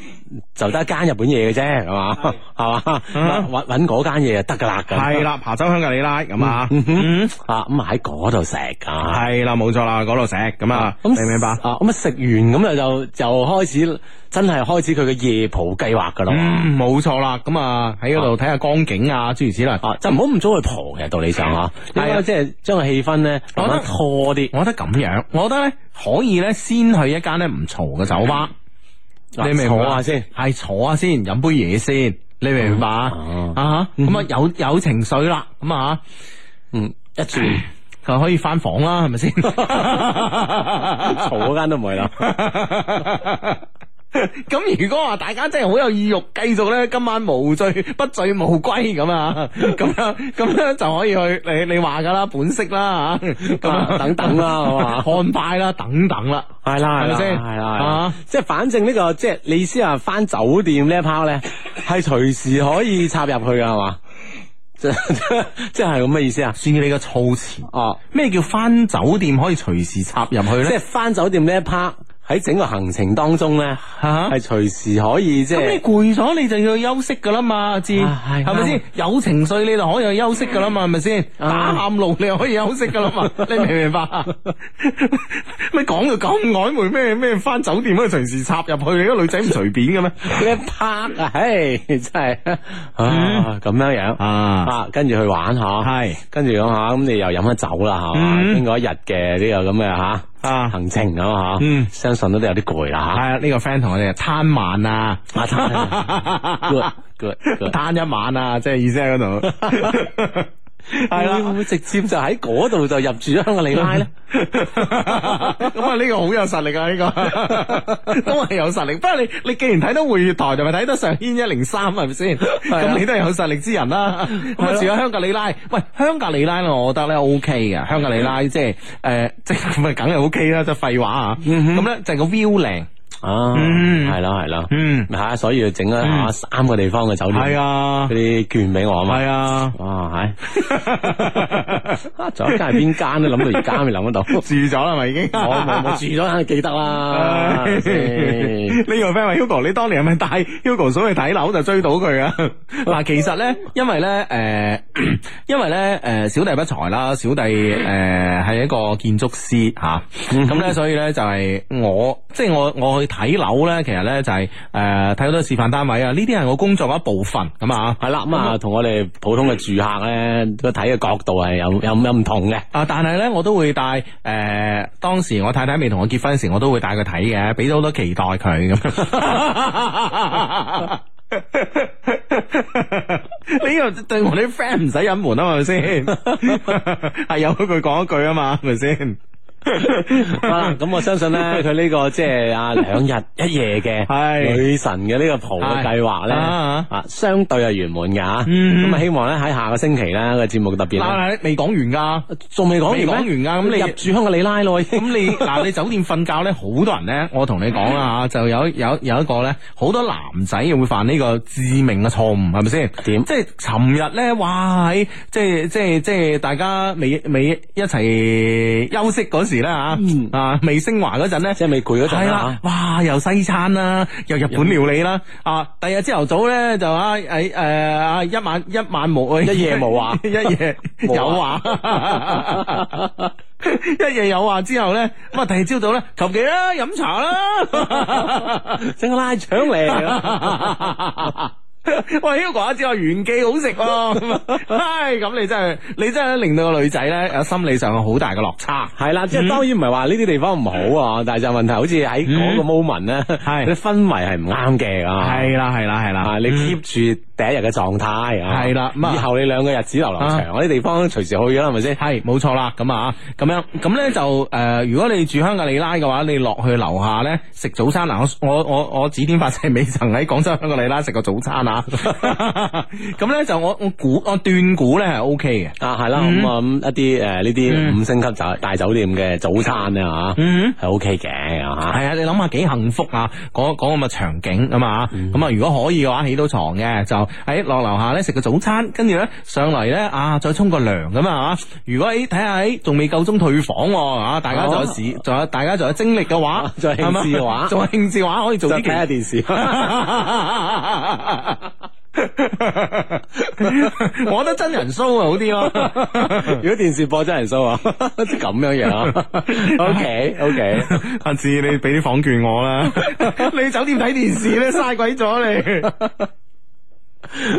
就得一間日本嘢嘅啫，係嘛，係嘛，搵搵嗰間嘢就得噶啦，係啦，琶洲香格里拉咁啊，啊咁啊喺嗰度食啊，係啦，冇錯啦，嗰度食咁啊，明唔明白啊？咁啊食完咁啊就就開始真係開始佢嘅夜蒲計劃噶咯，冇錯啦，咁啊喺嗰度睇下江景啊，諸如此類啊，就唔好咁早去蒲嘅，道理上啊，應該即係將個氣氛咧，我覺得拖啲，我覺得咁樣，我覺得咧可以咧先去一間咧唔嘈嘅酒吧。你明坐下先，係坐下先，飲杯嘢先，你明唔明白啊？吓咁啊，嗯、哼有有情緒啦，咁啊，嗯，一住佢可以翻房啦，係咪先？嘈嗰間都唔係啦。 咁 如果話大家真係好有意欲，繼續咧今晚無醉不醉無歸咁啊，咁樣咁咧就可以去你你話噶啦，本色啦吓，咁等等啦係嘛，漢派啦等等啦，係啦係咪先係啦，等等啊啊啊、即係反正呢、呢個即係、你、意思啊，返酒店呢一 part 咧係隨時可以插入去嘅係嘛， 即係即係咁嘅意思 啊？算你嘅措辭哦。咩叫返酒店可以隨時插入去咧？ 即係返酒店呢一 part。喺整個行程當中咧，係隨時可以即係。你攰咗，你就要休息噶啦嘛，知係咪先？有情緒你就可以休息噶啦嘛，係咪先？打喊路你又可以休息噶啦嘛，你明唔明白？咩講到咁曖昧咩咩？翻酒店啊，隨時插入去，你個女仔唔隨便嘅咩？你拍啊，唉，真係咁樣樣啊，跟住去玩下。係跟住咁吓，咁你又飲下酒啦，係嘛？經過一日嘅，呢個咁嘅吓。啊、行程咁吓，嗯，相信都都有啲攰啦。係啊，呢、這個 friend 同我哋攤晚啊，攤一晚啊，即係意思喺嗰度。 係啦，會唔會直接就喺嗰度就入住咗香格里拉咧？咁啊，呢個好有實力啊！呢個都係有實力。不過你你既然睇到匯悅台，就咪睇得上天一零三係咪先？咁你都係有實力之人啦。咁啊，住喺香格里拉，喂，香格里拉，我覺得咧 OK 嘅，香格里拉即係誒，即係咪梗係 OK 啦？即係廢話啊！咁咧就係個 view 靚。啊，係啦，係啦，係啊，所以整咗啊三個地方嘅酒店，係啊，佢券俾我啊嘛，係啊，哇，係，仲有間係邊間都諗到而家未諗得到，住咗係咪已經？我我住咗肯定記得啦。呢個 friend 話 Hugo，你當年係咪帶 Hugo 想去睇樓就追到佢啊？嗱，其實咧，因為咧，誒，因為咧，誒，小弟不才啦，小弟誒係一個建築師吓，咁咧，所以咧就係我，即係我我去。睇樓咧，其實咧就係誒睇好多示範單位啊！呢啲係我工作嘅一部分咁啊，係啦，咁啊同我哋普通嘅住客咧個睇嘅角度係有有有唔同嘅啊！但係咧我都會帶誒、呃，當時我太太未同我結婚時，我都會帶佢睇嘅，俾咗好多期待佢咁。呢個 對我哋啲 friend 唔使隱瞞啊，係咪先？係 有一句講一句啊嘛，係咪先？好 咁、啊、我相信咧，佢呢、呢個即係阿兩日一夜嘅女神嘅呢個蒲嘅計劃咧，啊，相對係圓滿噶，咁、嗯、啊、嗯、希望咧喺下個星期咧個節目特別，嗱未講完噶，仲未講完，未講完噶，咁、啊、你入住香格里拉咯，咁你嗱你，你酒店瞓覺咧，好多人咧，我同你講啊，就有有有一個咧，好多男仔會犯呢個致命嘅錯誤，係咪先？點樣？即係尋日咧話喺，即係即係即係大家未未，未，未一齊休息嗰時。時時啦吓啊！未升華嗰陣咧，即係未攰嗰陣啦。哇！又西餐啦、啊，又日本料理啦、啊。啊！第日朝頭早咧就啊，誒、哎、誒，啊、呃、一晚一晚無一夜無話 一夜有話 一夜有話之後咧，咁啊，第二朝早咧，求其啦，飲茶啦，整 個拉腸嚟。 喂，呢個講一我知我原記好食喎、啊，咁 你真係，你真係令到個女仔呢，有心理上有好大嘅落差。係啦，即 係當然唔係話呢啲地方唔好啊， 但係就問題好似喺嗰個 moment 呢，啲氛圍係唔啱嘅啊。係啦，係 啦，係啦，你 keep 住第一日嘅狀態。係啦，咁 以後你兩個日子流流長，嗰啲、啊、地方隨時去 啦，係咪先？係，冇錯啦，咁啊，咁樣咁咧就誒、呃，如果你住香格里拉嘅話，你落去樓下呢，食早餐嗱、呃，我我我,我,我指天發誓未曾喺廣州香格里拉食過早餐啊！ 咁咧 就我我估我斷估咧係 O K 嘅啊，係啦，咁啊，一啲誒呢啲五星級酒大酒店嘅早餐、嗯、啊吓，係 O K 嘅吓，係啊，你諗下幾幸福啊，嗰嗰咁嘅場景啊嘛，咁啊、嗯、如果可以嘅話起到床嘅就喺落樓下咧食個早餐，跟住咧上嚟咧啊再沖個涼咁啊，如果誒睇下仲未夠鐘退房啊，大家仲有時仲、哦、有大家仲有精力嘅話，仲係興致嘅話仲有興致嘅話可以做睇下電視。 我覺得真人 show 啊好啲咯，如果電視播真人 show 啊，咁樣樣啊。OK OK，下次你俾啲房券我啦，你酒店睇電視咧，嘥鬼咗你。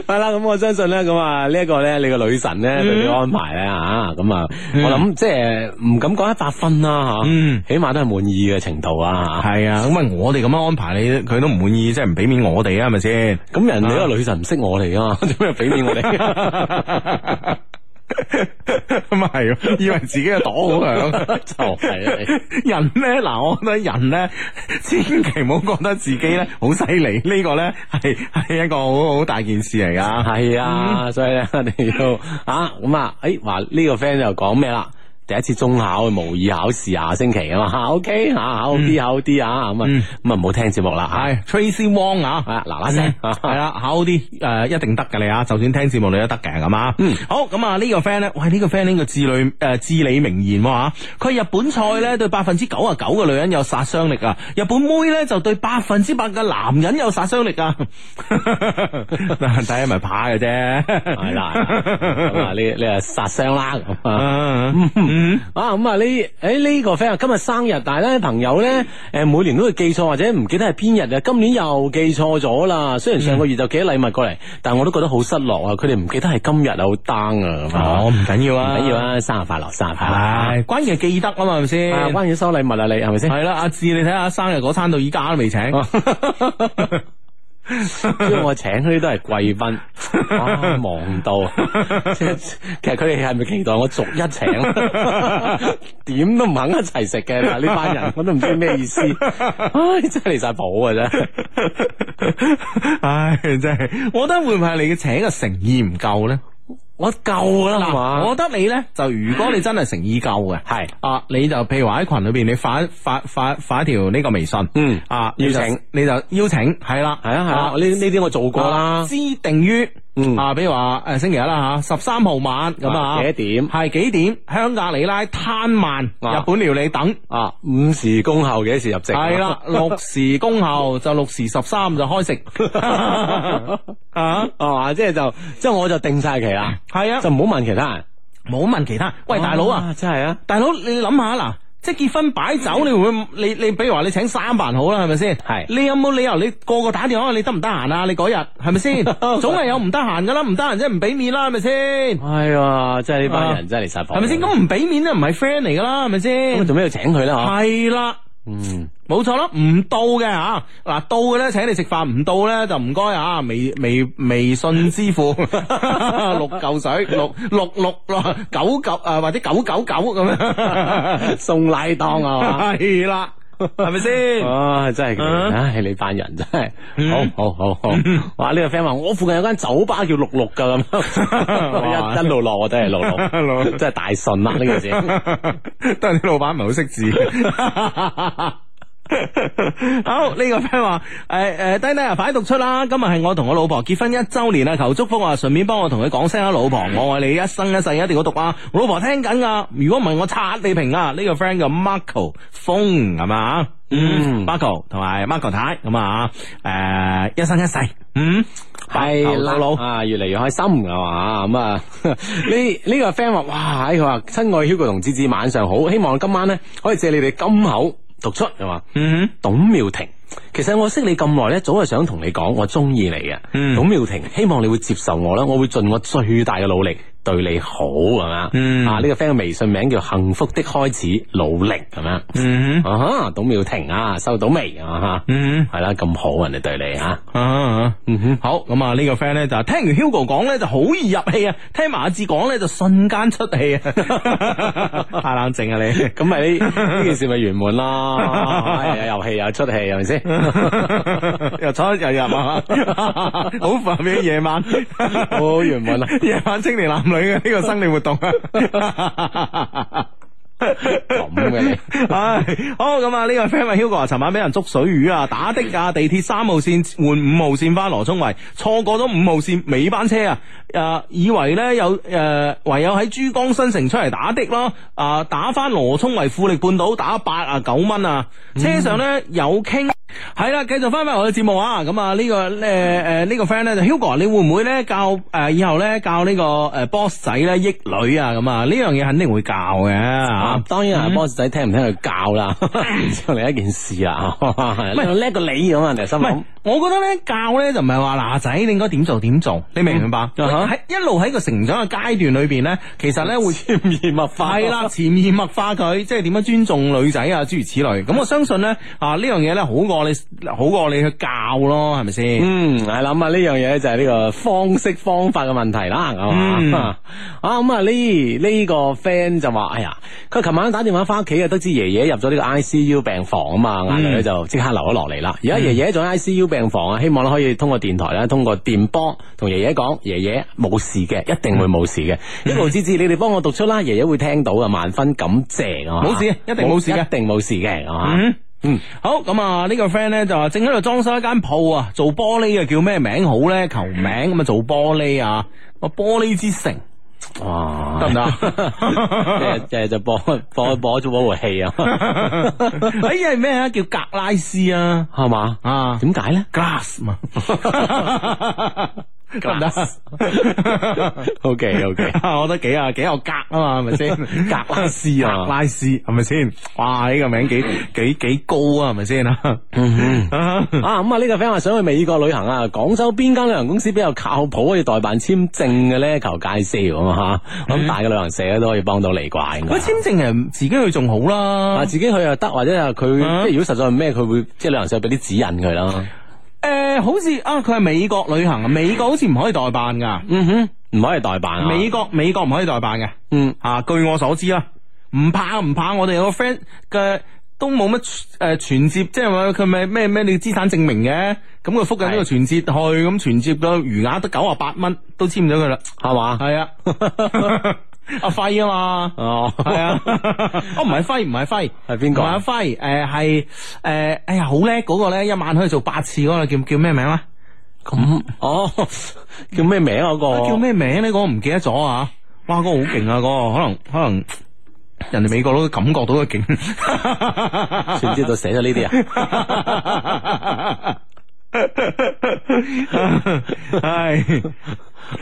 係啦，咁我相信咧，咁啊呢一個咧，你個女神咧對你安排咧，吓，咁、嗯、啊，我諗即係唔敢講一百分啦、啊、吓，嗯、起碼都係滿意嘅程度啊，係啊，咁咪我哋咁樣安排你，佢都唔滿意，即係唔俾面我哋人啊，係咪先？咁人哋個女神唔識我哋啊，點解俾面我哋？ 咁啊係，以為自己嘅朵好響， 就係、是、啦。 人咧，嗱，我覺得人咧，千祈唔好覺得自己咧好犀利，呢 個咧係係一個好好大件事嚟噶。係 啊，所以咧，我哋要啊，咁啊，誒、哎，話呢、這個 friend 又講咩啦？第一次中考模擬考試下星期啊嘛，O K 吓，okay? 考啲、嗯、考啲啊咁啊咁啊，唔好聽節目啦吓、哎。Tracy Wong 啊，嗱嗱聲，係啊，考啲誒，一定得噶你啊，就算聽節目你都得嘅咁、嗯、啊。嗯，好咁啊，呢個 friend 咧，喂，呢個 friend 呢個智女誒，至理名言哇，佢日本菜咧對百分之九啊九嘅女人有殺傷力啊，日本妹咧就對百分之百嘅男人有殺傷力啊。睇下咪怕嘅啫，係、嗯、啦，咁啊，你你啊殺傷啦咁嗯，啊，咁啊呢，誒呢、欸這個 friend 今日生日，但係咧，朋友咧，誒每年都會記錯或者唔記得係邊日啊，今年又記錯咗啦。雖然上個月就寄咗禮物過嚟，但係我都覺得好失落啊。佢哋唔記得係今日啊，好 down 啊咁啊。我唔緊要啊，唔緊要啊，生，生日快樂，生日快樂。係、啊啊，關鍵係記得啊嘛，係咪先？係，關鍵收禮物啊，你係咪先？係啦，阿志，你睇下生日嗰餐到依家都未請。啊 所以我請嗰啲都係貴賓，忙到，其實佢哋係咪期待我逐一請？點 都唔肯一齊食嘅呢班人，我都唔知咩意思。唉、哎，真係離晒譜嘅真。唉，真係、 哎，我覺得會唔會係你嘅請嘅誠意唔夠咧？我夠啦係嘛，我覺得你咧 就如果你真係誠意夠嘅，係是啊，你就譬如話喺群裏邊你發一發發發一條呢個微信，嗯就啊邀請，你就邀請，係啦，係啊，係啦、啊，呢呢啲我做過啦，施、啊、定于。嗯，啊， 比如話誒星期一啦吓，十三號晚咁啊，幾點？係幾點？香格里拉灘萬、日本料理等啊，五、啊、時功後幾時入席、啊？係啦、 啊，六時功後就六時十三就開食 啊，啊，即係就即係我就定晒期啦。係啊，就唔好問其他人，唔好問其他。喂，大佬啊，啊，真係啊，大佬你諗下嗱。即係結婚擺酒，你會唔會？你你，你比如話你請三萬好啦，係咪先？係是你有冇理由你個個打電話？你得唔得閒啊？你嗰日係咪先？是是 總係有唔得閒噶啦，唔得閒即係唔俾面啦，係咪先？係啊，即係呢班人真係嚟殺火，係咪先？咁唔俾面都唔係 friend 嚟噶啦，係咪先？咁做咩要請佢咧？吓係啦。嗯，冇錯啦，唔到嘅吓，嗱、啊、到嘅咧，請你食飯；唔到咧就唔該啊，微微微信支付 六嚿水，六六六六九九啊，或者九九九咁樣送禮當啊，係、啊、啦。係咪先？啊，真係唉，你班人真係，好好好好。哇！呢、呢個 friend 話我附近有間酒吧叫六六噶咁，一路落我都係六六， 老 真係大順啦呢件事。但係啲老闆唔係好識字。 好呢、這個 friend 話誒誒，低、呃、低、呃、啊，快讀出啦！今日係我同我老婆結婚一周年啊，求祝福啊，順便幫我同佢講聲啊，老婆，我愛你一生一世，一定要讀啊！我老婆聽緊啊，如果唔係我拆地平啊！呢、這個 friend Mar 叫、嗯嗯、Marco，峰係咪啊？嗯，Marco 同埋 Marco 太咁啊！誒、呃，一生一世，嗯，係老啊，越嚟越開心噶嘛，咁啊，呢、嗯、呢、 這個 friend 話哇，佢、哎、話親愛 Hugo 同芝芝晚上好，希望今晚咧可以借你哋金口。讀出係嘛？嗯，mm hmm。董妙婷，其實我識你咁耐咧，早係想同你講，我中意你嘅。嗯，hmm。董妙婷，希望你會接受我啦，我會盡我最大嘅努力。對你好係嘛？啊呢個 friend 嘅微信名叫幸福的開始，努力咁樣。嗯哼，董妙婷啊，收到未？啊哈，係啦，咁好人哋對你啊。嗯哼，好咁啊呢個 friend 咧就聽完 Hugo 講咧就好易入戲啊，聽阿智講咧就瞬間出戲啊。太冷靜啊你，咁咪呢件事咪圓滿咯？又入戲又出戲係咪先？又出又入啊，好煩嘅夜晚。好圓滿啊，夜晚青年男。佢呢個生理活動啊！咁嘅，唉，好咁啊！呢、這個 friend 啊，Hugo 尋晚俾人捉水魚啊，打的啊，地鐵三號線換五號線翻羅沖圍，錯過咗五號線尾班車啊，誒，以為咧有誒、呃，唯有喺珠江新城出嚟打的咯，啊，打翻羅沖圍富力半島打八啊九蚊啊，車上咧有傾，係啦、嗯，嗯、繼續翻翻我嘅節目啊，咁、這、啊、個，呢、呃這個誒誒呢個 friend 咧就 Hugo，你會唔會咧教誒以後咧教呢個誒 boss 仔咧益女啊咁啊？呢樣嘢肯定會教嘅。當然啊，波士仔聽唔聽佢教啦，又另一件事啊，唔係叻個你咁啊，其實心諗。我覺得咧教咧就唔係話嗱仔你應該點做點做，你明唔明白？喺一路喺個成長嘅階段裏邊咧，其實咧會潛移默化。係啦，潛移默化佢，即係點樣尊重女仔啊，諸如此類。咁我相信咧啊呢樣嘢咧好過你，好過你去教咯，係咪先？嗯，係啦。咁啊呢樣嘢咧就係呢個方式方法嘅問題啦，係嘛？啊咁啊呢呢個 friend 就話，哎呀琴晚打電話翻屋企啊，得知爺爺入咗呢個 I C U 病房啊嘛，眼淚就即刻流咗落嚟啦。而家爺爺仲喺 I C U 病房啊，嗯、希望咧可以通過電台咧，通過電波同爺爺講，爺爺冇事嘅，一定會冇事嘅。嗯、一個芝至你哋幫我讀出啦，爺爺會聽到啊，萬分感謝啊！冇事，一定冇無事，一定冇事嘅。嗯哼嗯，好，咁啊，呢個 friend 咧就話正喺度裝修一間鋪啊，做玻璃啊，叫咩名好咧？求名咁做玻璃啊，玻璃之城。哇，得唔得？ 即係即係就播播播咗嗰部戲啊！哎呀咩啊？叫格拉斯啊，係嘛吧啊？點解咧？Glass 嘛。 咁得 ，OK OK， 我覺得幾啊幾有格啊嘛，係咪先？格拉斯啊，格 拉斯係咪先？哇，呢、這個名幾幾幾高啊，係咪先啊？啊咁啊，呢個 friend 話想去美國旅行啊，廣州邊間旅行公司比較靠譜可以代辦簽證嘅咧？求介紹啊嘛，咁、啊、大嘅旅行社都可以幫到你啩？咁簽、啊、證人自己去仲好啦，啊自己去又得，或者啊佢即係如果實在係咩，佢會即係旅行社俾啲指引佢啦。誒、呃，好似啊，佢係美國旅行啊，美國好似唔可以代辦噶，嗯哼，唔可以代辦、啊，美國美國唔可以代辦嘅，嗯吓、啊，據我所知啦，唔怕唔怕，我哋有個 friend 嘅都冇乜誒存摺，即係話佢咪咩咩，你資產證明嘅，咁佢複印呢個存摺的去，咁存摺個餘額得九啊八蚊，都簽咗佢啦，係嘛，係啊。阿輝啊嘛，哦，係啊， 哦，唔係輝，唔係輝，係邊個阿輝，誒、呃，係誒、呃，哎呀，好叻嗰個咧，一晚可以做八次嗰、那個叫叫咩名咧？咁、那個，哦，叫咩名嗰、啊那個？叫咩名呢個唔記得咗啊？哇，嗰個好勁啊，嗰個、那個，可能可能人哋美國佬都感覺到嘅勁，知 唔知道寫咗呢啲啊？係。 咁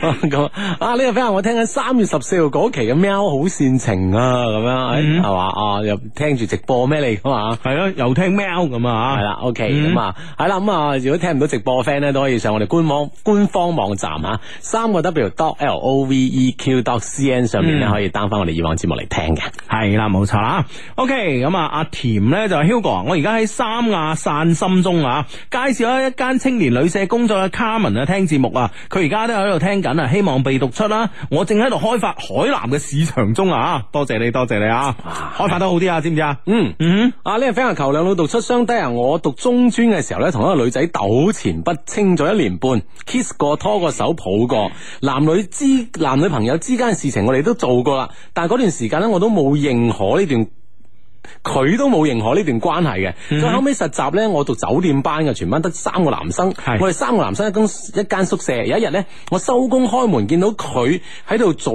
啊呢個 friend 我聽緊三月十四號嗰期嘅喵好煽情啊咁樣係嘛，mm hmm. 啊又聽住直播咩嚟噶嘛係咯又聽喵咁啊係啦 OK 咁啊係啦，咁啊如果聽唔到直播 friend 咧都可以上我哋官網官方網站啊，三個 W dot L O V E Q dot C N 上面咧，mm hmm. 可以 down 翻我哋以往節目嚟聽嘅係啦冇錯啦 OK 咁啊阿甜咧就係 Hugo 我而家喺三亞散心中啊，介紹喺一間青年旅社工作嘅 Carmen 啊聽節目啊，佢而家都喺度聽。聽緊啊，希望被讀出啦，啊！我正喺度開發海南嘅市場中啊，多謝你，多謝你啊！啊開發得好啲啊，知唔知啊？嗯嗯，啊呢個飛行球兩老讀出雙低啊！我讀中專嘅時候咧，同一個女仔糾纏不清咗一年半，kiss 過，拖過手，抱過，男女之男女朋友之間嘅事情我哋都做過啦，但係嗰段時間咧，我都冇認可呢段。佢都冇認可呢段關係嘅，再、嗯、哼後尾實習呢，我讀酒店班嘅，全班得三個男生，是我哋三個男生一間一間宿舍。有一日呢，我收工開門見到佢喺度做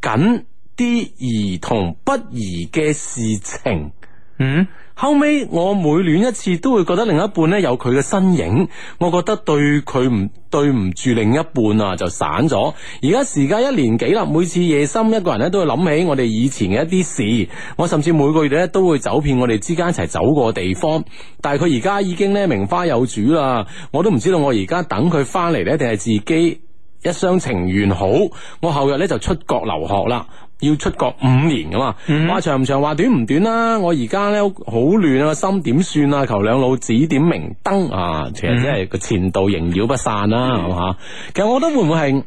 緊啲兒童不宜嘅事情。嗯。後尾我每戀一次都會覺得另一半咧有佢嘅身影，我覺得對佢唔對唔住另一半啊就散咗。而家時間一年幾啦，每次夜深一個人咧都會諗起我哋以前嘅一啲事，我甚至每個月咧都會走遍我哋之間一齊走過嘅地方。但係佢而家已經咧名花有主啦，我都唔知道我而家等佢翻嚟咧定係自己一廂情願好。我後日咧就出國留學啦。要出國五年噶嘛？話長唔長，話短唔短啦。我而家咧好亂啊，心點算啊？求兩老指點明燈啊！其實真係個前度縈繞不散啦，係嘛、嗯？其實我覺得會唔會係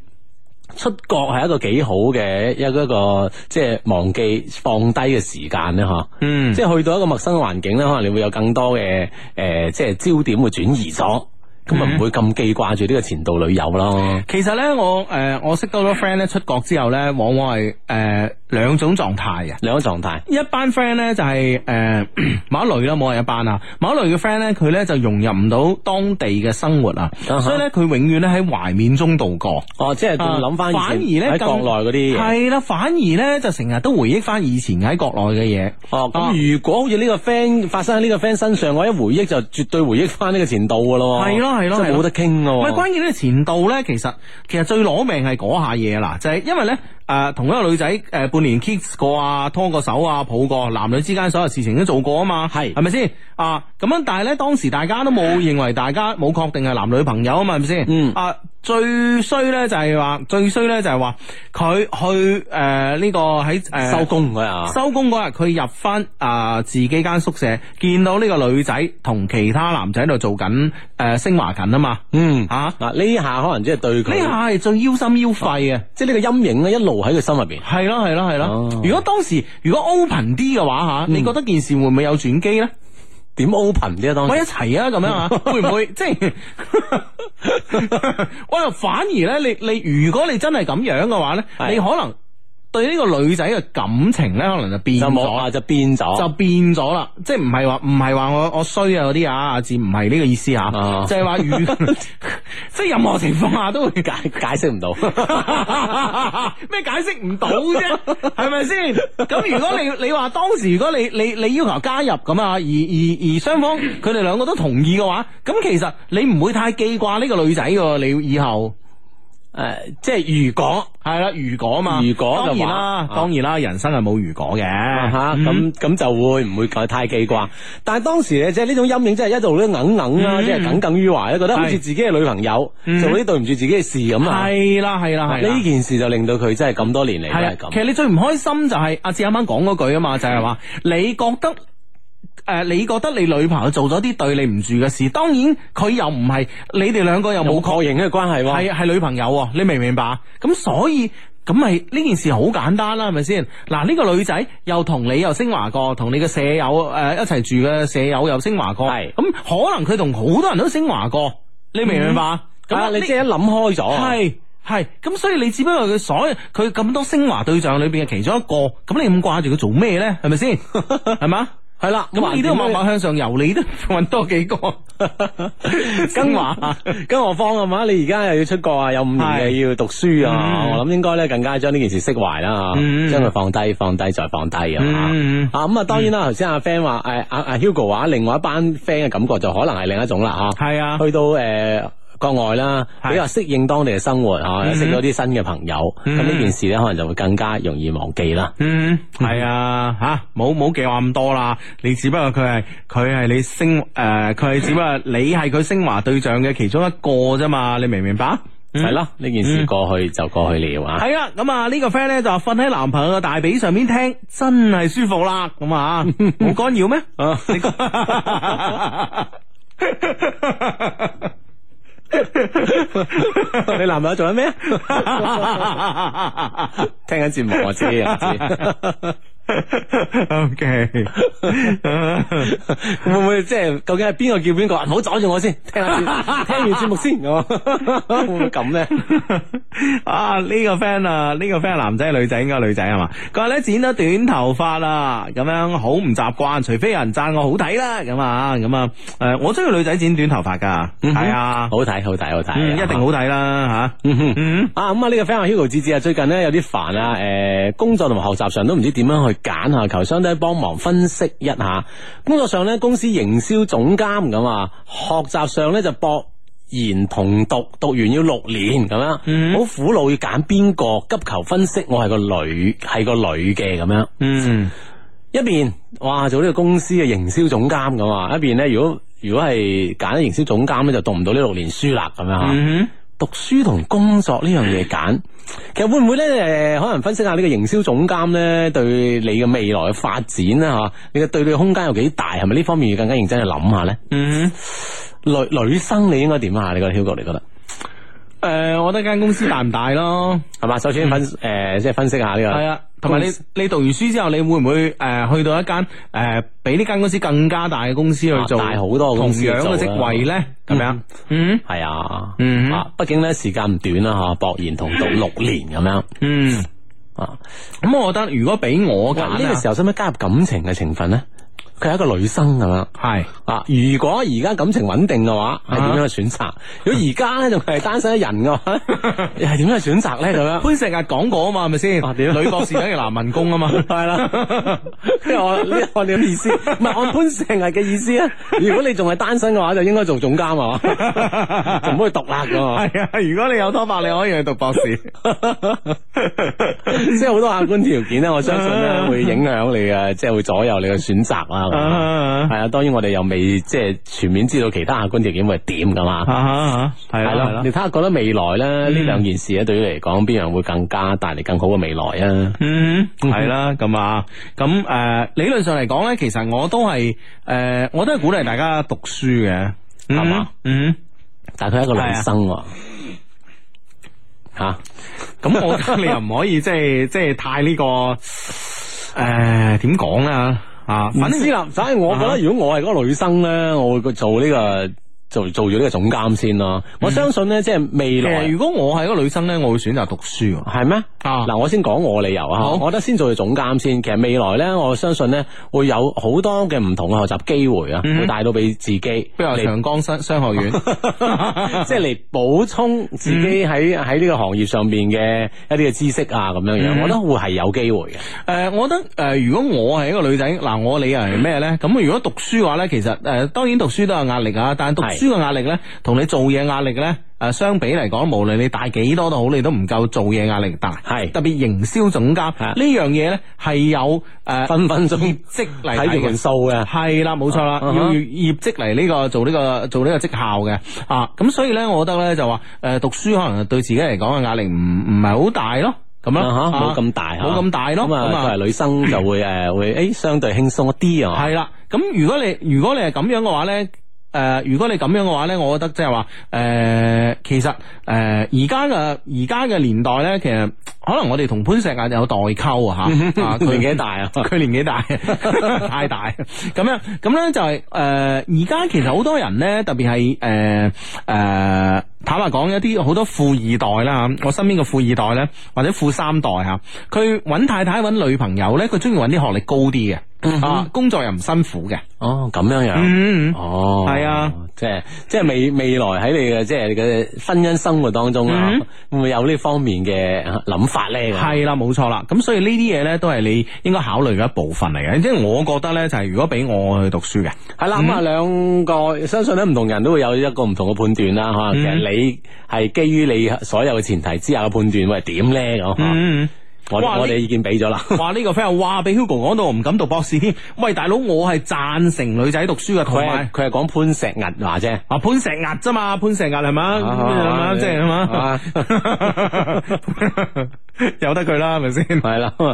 出國係一個幾好嘅一個一個即係忘記放低嘅時間咧？嗬、嗯，即係去到一個陌生嘅環境咧，可能你會有更多嘅誒、呃，即係焦點會轉移咗。咁咪唔會咁記掛住呢個前度女友咯。其實咧，我誒、呃，我識到咗 friend 咧，出國之後咧，往往係誒兩種狀態嘅兩種狀態。一班 friend 咧就係、是、誒、呃、某一類啦，冇人一班啊。某一類嘅 friend 咧，佢咧就融入唔到當地嘅生活啊，uh huh. 所以咧佢永遠咧喺懷緬中度過。哦、啊，即係諗翻，反而咧喺國內嗰啲係啦，反而咧就成日都回憶翻以前喺國內嘅嘢。哦、啊，咁、啊、如果好似呢個 friend 發生喺呢個 friend 身上，我一回憶就絕對回憶翻呢個前度噶咯。係咯、啊。係咯， 真係冇得傾咯，喎。唔 係關鍵咧，前度咧，其實其實最攞命係嗰下嘢啦，就係因為咧。誒，同一個女仔，誒，半年 kiss 過啊，拖個手啊，抱過，男女之間所有事情都做過啊嘛，係，係咪先？啊，咁樣，但係咧，當時大家都冇認為，大家冇確定係男女朋友啊嘛，係咪先？嗯。啊，最衰咧就係話，最衰咧就係話，佢去誒呢個喺收工啊收工日佢入翻啊自己間宿舍，見到呢個女仔同其他男仔度做緊誒昇華緊啊嘛。嗯。吓，嗱呢下可能即係對佢呢下係最腰心腰肺啊，即係呢個陰影咧一路。喺佢心入邊，係咯係咯係咯。哦、如果當時如果 open 啲嘅話吓，嗯、你覺得件事會唔會有轉機咧？點 open 啲啊？當時我一齊啊，咁樣啊，會唔會即係？我哇，反而咧，你你如果你真係咁樣嘅話咧，的你可能。對呢個女仔嘅感情呢，可能變就變咗，就變咗，就變咗啦。即係唔係話唔係話我我衰啊嗰啲啊，阿志唔係呢個意思啊。啊就係話如即係任何情況下都會解解釋唔到，咩 解釋唔到啫？係咪先？咁如果你你話當時如果你你你要求加入咁啊，而而而雙方佢哋兩個都同意嘅話，咁其實你唔會太記掛呢個女仔噶，你以後。誒，即係如果係啦，如果嘛，如果當然啦，當然啦，人生係冇如果嘅吓，咁咁就會唔會太記掛？但係當時咧，即係呢種陰影，真係一度咧，耿耿啦，即係耿耿於懷咧，覺得好似自己嘅女朋友做啲對唔住自己嘅事咁啊！係啦係啦，呢件事就令到佢真係咁多年嚟都係咁。其實你最唔開心就係阿志啱啱講嗰句啊嘛，就係話你覺得。誒，你覺得你女朋友做咗啲對你唔住嘅事？當然佢又唔係你哋兩個又冇確認嘅關係喎。係係女朋友，你明唔明白？咁所以咁咪呢件事好簡單啦，係咪先？嗱，呢、這個女仔又同你又升華過，同你嘅舍友誒、呃、一齊住嘅舍友又升華過，係咁是、嗯、可能佢同好多人都升華過，你明唔明白？咁、嗯嗯、你即係諗開咗，係係咁，嗯、所以你只不過佢所有佢咁多升華對象裏邊嘅其中一個，咁你咁掛住佢做咩呢？係咪先？係嘛？ 係啦，咁你都慢慢向上游，你都搵多幾個，更話，更何況係嘛？ 你而家又要出國啊，有五年又要讀書啊，我諗應該咧更加將呢件事釋懷啦，將佢放低，放低再放低啊！啊，咁啊，當然啦，頭先阿 friend 話，誒，阿阿 Hugo 話，另外一班 friend 嘅感覺就可能係另一種啦，吓，係啊，的去到誒。呃國外啦，比較適應當地嘅生活吓，又識咗啲新嘅朋友，咁呢、嗯、件事咧可能就會更加容易忘記啦、嗯。嗯，係啊，吓，冇冇計劃咁多啦。你只不過佢係佢係你升誒，佢、呃、係只不過你係佢升華對象嘅其中一個啫嘛，你明唔明白？係咯，呢件事過去就過去了啊。係啊、嗯，咁、嗯、啊，呢、嗯、個 friend 咧就瞓喺男朋友嘅大髀上面聽，真係舒服啦。咁、嗯、啊，唔干擾咩？啊！你男朋友做緊咩啊？聽緊節目，我知，我知。O K，會唔會即係究竟係邊個叫邊個啊？唔好阻住我先，聽下先，聽完節目先，好嘛？會唔會咁咧？啊，呢個 friend 啊，呢個 friend 男仔女仔，應該女仔，係嘛？佢話咧剪咗短頭髮啦，咁樣好唔習慣，除非有人讚我好睇啦，咁啊，咁啊，誒，我中意女仔剪短頭髮噶，係啊，好睇，好睇，好睇，一定好睇啦，吓，啊，咁啊，呢個 friend 啊，Hugo 子子啊，最近咧有啲煩啊，誒，工作同埋學習上都唔知點樣去。揀下求生都幫忙分析一下，工作上呢，公司營銷總監咁啊。學習上呢，就博研同讀，讀完要六年咁樣，好、mm hmm. 苦惱要揀邊個，急求分析。我係個女，係個女嘅咁樣。嗯、mm，hmm. 一邊哇做呢個公司嘅營銷總監咁啊，一邊呢，如果如果係揀咗營銷總監呢就讀唔到呢六年書啦咁樣、mm hmm. 讀書同工作呢樣嘢揀，其實會唔會咧？誒、呃，可能分析下你呢個營銷總監咧，對你嘅未來嘅發展啦吓、啊，你嘅對你嘅空間有幾大？係咪呢方面要更加認真去諗下咧？嗯，女女生你應該點啊？你覺得，Hugo，你覺得？誒，我覺得間公司大唔大咯，係嘛？首先分誒，即係分析下呢個。係啊，同埋你你讀完書之後，你會唔會誒去到一間誒比呢間公司更加大嘅公司去做，大好多公司做，同樣嘅職位咧，咁樣，嗯，係啊，嗯，畢竟咧時間唔短啦吓，博然同讀六年咁樣，嗯，啊，咁我覺得如果俾我揀，呢個時候使唔使加入感情嘅成分咧？佢係一個女生咁樣，係啊。如果而家感情穩定嘅話，係點樣去選擇？如果而家咧仲係單身一人嘅話，又係點樣去選擇咧咁樣？潘石屹講過啊嘛，係咪先？點女博士揾個男民工啊嘛，係啦。即係我，我你嘅意思，唔係按潘石屹嘅意思啊。如果你仲係單身嘅話，就應該做總監啊，唔可以獨立噶。係啊，如果你有拖白，你可以去讀博士。即係好多客觀條件咧，我相信咧會影響你嘅，即係會左右你嘅選擇啊。係啊、uh huh, uh huh, 當然我哋又未即係全面知道其他客觀條件會係點噶嘛，係咯、uh，你睇下覺得未來咧呢兩件事咧， 對於你嚟講邊樣會更加帶嚟更好嘅未來啊？嗯，係啦，咁啊，咁誒，理論上嚟講咧，其實我都係誒、啊，我都係鼓勵大家讀書嘅，係嘛吧，嗯，mm hmm. 但係佢係一個女生喎、啊，吓，咁、 啊、我覺得你又唔可以即係即係太、這個呃、呢個誒點講啊？啊，反正啊，反正我覺得如果我係嗰個女生咧，啊、我會去做呢、這個。做做咗呢個總監先咯，我相信呢，即係未來。如果我係一個女生呢，我會選擇讀書，係咩？嗱，啊、我先講我嘅理由啊。我覺得先做咗總監先，其實未來呢，我相信呢，會有好多嘅唔同嘅學習機會啊，嗯、哼會帶到俾自己。比如話長江商商學院，即係嚟補充自己喺喺呢個行業上面嘅一啲嘅知識啊，咁樣樣、嗯哼呃，我覺得會係有機會嘅。誒，我覺得誒，如果我係一個女仔，嗱、呃，我理由係咩呢？咁如果讀書嘅話呢，其實誒、呃，當然讀書都有壓力啊，但係讀書嘅壓力咧，同你做嘢壓力咧，誒，相比嚟講，無論你大幾多都好，你都唔夠做嘢壓力大。係特別營銷總監呢、啊、樣嘢咧，係有誒分分鐘積嚟睇人數嘅。係啦，冇錯啦，錯啊、要業績嚟呢、這個做呢、這個做呢、這個績效嘅。啊，咁所以咧，我覺得咧就話，誒，讀書可能對自己嚟講嘅壓力唔唔係好大咯。咁啊冇咁大，冇咁、啊嗯、大咯。咁啊、嗯，佢係女生就會誒會誒相對輕鬆一啲啊。係啦，咁如果你如果你係咁樣嘅話咧。誒、呃，如果你咁樣嘅話咧，我覺得即係話，誒、呃，其實誒，而家嘅而家嘅年代咧，其實可能我哋同潘石屹有代溝啊，吓 他， 年紀大，佢年紀大，太大，咁樣，咁咧就係、是，誒、呃，而家其實好多人咧，特別係，誒，誒，坦白講，一啲好多富二代啦，我身邊嘅富二代咧，或者富三代吓，佢、啊、搵太太搵女朋友咧，佢中意搵啲學歷高啲嘅。嗯、啊，工作又唔辛苦嘅，哦，咁樣樣，嗯、哦，係啊，即係即係未未來喺你嘅即係你嘅婚姻生活當中、嗯、會會啊，會唔會有呢方面嘅諗法咧？係啦，冇錯啦，咁所以呢啲嘢咧都係你應該考慮嘅一部分嚟嘅，即、就、係、是、我覺得咧就係如果俾我去讀書嘅，係啦、嗯，咁啊兩個，相信咧唔同人都會有一個唔同嘅判斷啦，吓、嗯，嗯、其實你係基於你所有嘅前提之下嘅判斷，喂，點咧咁？嗯哇我經哇 我哋已經俾咗啦。話呢個 friend 話俾 Hugo 講到我唔敢讀博士添。喂，大佬，我係贊成女仔讀書嘅，佢係佢係講潘石屹嗱啫。啊，啊，啊，潘石屹咋嘛？潘石屹係嘛？即係嘛？ 由得佢啦，係咪先？係啦 吧，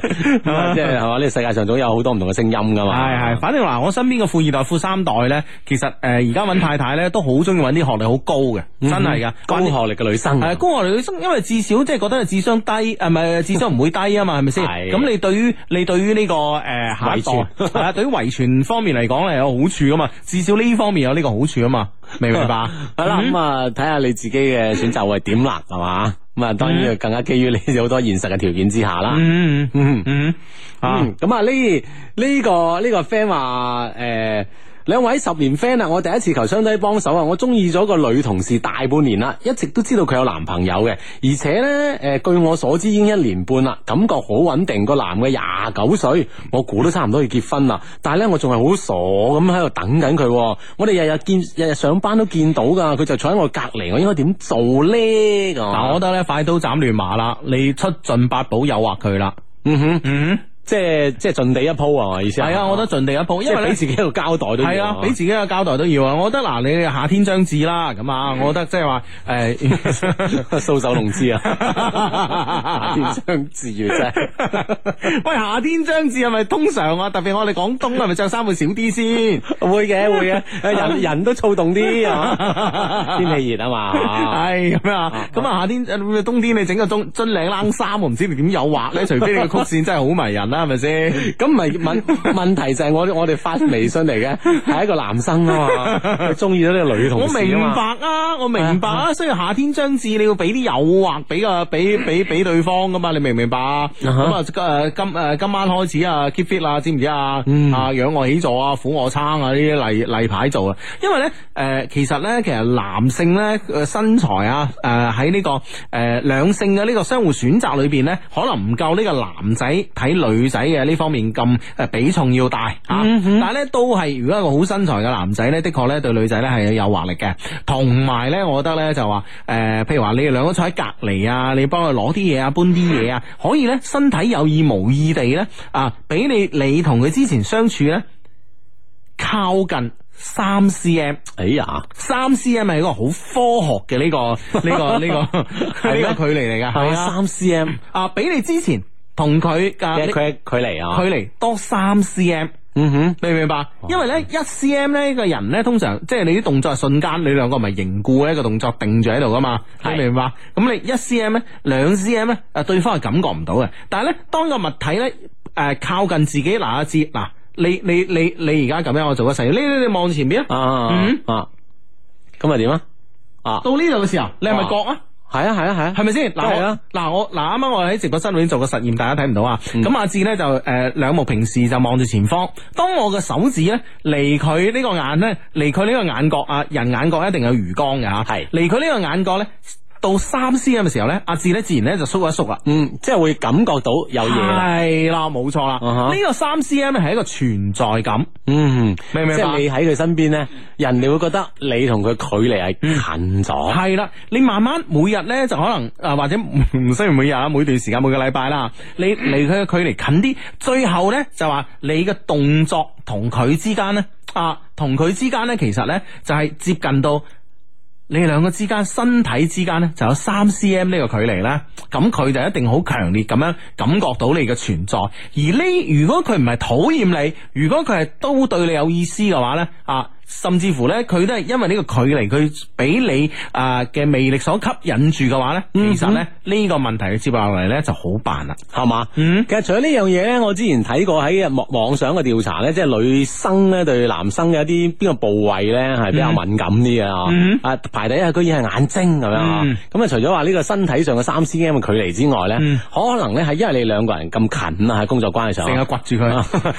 即係係嘛？呢世界上總有好多唔同嘅聲音噶嘛。係係， 反正嗱，我身邊嘅富二代、富三代咧，其實誒，而家搵太太咧，都好中意搵啲學歷好高嘅，真係噶、嗯，高學歷嘅女生。係正高，高學歷女生，因為至少即係覺得智商低，誒唔係智商唔會低啊嘛，係咪先？咁是你對於你對於呢、這個誒、呃、遺傳，係啊、嗯，對於遺傳方面嚟講咧有好處噶嘛，至少呢方面有呢個好處啊嘛，明唔明白？係啦、 嗯，咁啊、 嗯，睇下你自己嘅選擇係點啦，係 嘛、嗯？ 咁啊，當然更加基於你好多現實嘅條件之下啦。嗯嗯嗯嗯，咁啊呢呢個呢個 friend 話誒。呃兩位十年 friend 啊，我第一次求相低幫手啊，我中意咗個女同事大半年啦，一直都知道佢有男朋友嘅，而且呢，誒，據我所知已經一年半啦，感覺好穩定，個男嘅廿九歲，我估都差唔多要結婚啦，但係呢，我仲係好傻咁喺度等緊佢，我哋日日見日日上班都見到噶，佢就坐喺我隔籬，我應該點做呢？嗱，我覺得呢，快刀斬亂麻啦，你出盡八寶誘惑佢啦，嗯哼，嗯哼。即係即係盡地一鋪啊？嘛，意思係？啊？係啊，我覺得盡地一鋪，因為俾自己一個交代都要。係啊，俾自己一個交代都要啊！我覺得嗱，你夏天將至啦，咁啊，我覺得即係話誒，搔首弄姿啊，夏天將至啊，真係，喂，夏天將至係咪通常啊？特別我哋廣東係咪着衫會少啲先？會嘅，會嘅，人人都躁動啲啊，天氣熱啊嘛，係咁啊，咁啊，夏天冬天你整個冬樽領冷衫，我唔知你點誘惑咧。除非你個曲線真係好迷人。係咪先？咁唔係問問題就係我我哋發微信嚟嘅，係 一個男生啊嘛，佢中意咗呢個女同事我明白啊，我明白啊。啊所以夏天將至，你要俾啲誘惑，俾啊俾俾俾對方噶嘛，你明唔明白？啊、uh，咁、huh. 啊、嗯，誒今誒今晚開始啊，keep fit 啦、啊，知唔知啊？啊仰臥起坐啊，俯臥撐啊，呢啲例例牌做啊。因為咧，誒、呃、其實咧，其實男性咧，誒身材啊，誒喺呢個誒兩、呃、性嘅呢個相互選擇裏邊咧，可能唔夠呢個男仔睇女。女仔嘅呢方面咁誒比重要大啊，但係咧都係如果一個好身材嘅男仔咧，的確咧對女仔咧係有誘惑力嘅，同埋咧我覺得咧就話誒，譬如話你哋兩個坐喺隔籬啊，你幫佢攞啲嘢啊，搬啲嘢啊，可以咧身體有意無意地咧啊，俾你你同佢之前相處咧靠近三 C M，哎呀，三 C M 係一個好科學嘅呢、呢個呢、呢個呢 個係一個距離嚟噶，係 啊，三 C M 啊俾你之前。同佢嘅距距離啊，距離多三 cm，嗯哼，明唔明白？因為咧一 cm 咧個人咧通常，哇即係你啲動作係瞬間，你兩個咪凝固一個動作定住喺度噶嘛，嗯、你明唔明啊？咁是 你一 cm 咧，兩 cm 咧，誒對方係感覺唔到嘅。但係咧，當個物體咧誒靠近自己嗱一截，嗱你你你你而家咁樣，我做一成，你呢望前邊啊，嗯啊，咁咪點啊？啊，到呢度嘅時候，你係咪覺啊？啊係啊，係啊，係啊，係咪先？嗱、啊，嗱、啊、我嗱啱啱我喺直播室裏邊做個實驗，大家睇唔到、嗯、啊。咁阿志咧就誒兩、呃、目平視就望住前方，當我嘅手指咧離佢呢個眼，咧離佢呢個眼角啊，人眼角一定有餘光嘅吓，離佢呢個眼角咧。到三 cm 嘅時候咧，阿志咧自然咧就縮一縮啦。嗯，即係會感覺到有嘢。係啦，冇錯啦。uh huh. 呢個三 cm 係一個存在感。嗯，明明即係你喺佢身邊咧，人哋會覺得你同佢距離係近咗。係啦、嗯，你慢慢每日咧就可能啊，或者唔需要每日啦，每段時間每個禮拜啦，你離佢嘅距離近啲。最後咧就話你嘅動作同佢之間咧啊，同佢之間咧其實咧就係接近到。你兩個之間身體之間咧，就有三 cm 呢個距離啦，咁佢就一定好強烈咁樣感覺到你嘅存在。而呢，如果佢唔係討厭你，如果佢係都對你有意思嘅話咧，啊。甚至乎咧，佢都係因為呢個距離，佢俾你啊嘅魅力所吸引住嘅話咧，其實咧呢個問題接落嚟咧就好辦啦，係嘛吧？嗯，其實除咗呢樣嘢咧，我之前睇過喺網網上嘅調查咧，即係女生咧對男生嘅一啲邊個部位咧係比較敏感啲嘅啊，啊、嗯、排第一居然係眼睛咁、嗯、樣啊，咁啊除咗話呢個身體上嘅三 C M 嘅距離之外咧，嗯、可能咧係因為你兩個人咁近啊喺工作關係上，成日摑住佢，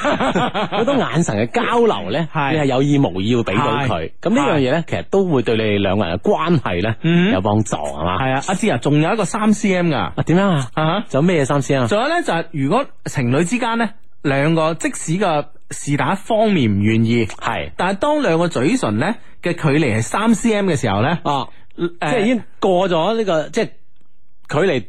好 多眼神嘅交流咧，係你係有意無意。俾到佢，咁呢是樣嘢呢，是其實都會對你哋兩個人嘅關係呢、嗯、有幫助，係嘛？係啊，阿芝啊，仲有一個三 C M 噶，點啊？樣啊仲、啊、有咩三 C M？仲有呢，就係、是、如果情侶之間呢，兩個即使個是打方面唔願意，係是，但係當兩個嘴唇呢嘅距離係三 C M 嘅時候呢，哦、啊，嗯、即係已經過咗呢、這個即係、就是、距離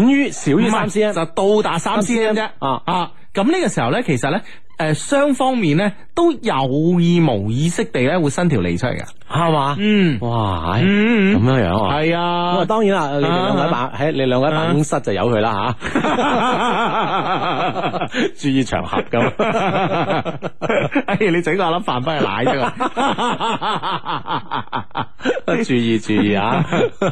短於少於三 C M，就到達三 C M 啫、啊。啊啊，咁呢個時候呢，其實呢。誒，雙方面咧都有意無意識地咧會伸條脷出嚟嘅，係嘛吧？嗯，哇，咁、哎嗯、樣樣啊？係啊，咁啊，當然啦，你兩位辦喺、啊、你兩位辦公室就由佢啦吓，啊、 注意場合咁。哎，你整嗰粒飯翻去奶啫， 啊， 啊，注意注意啊！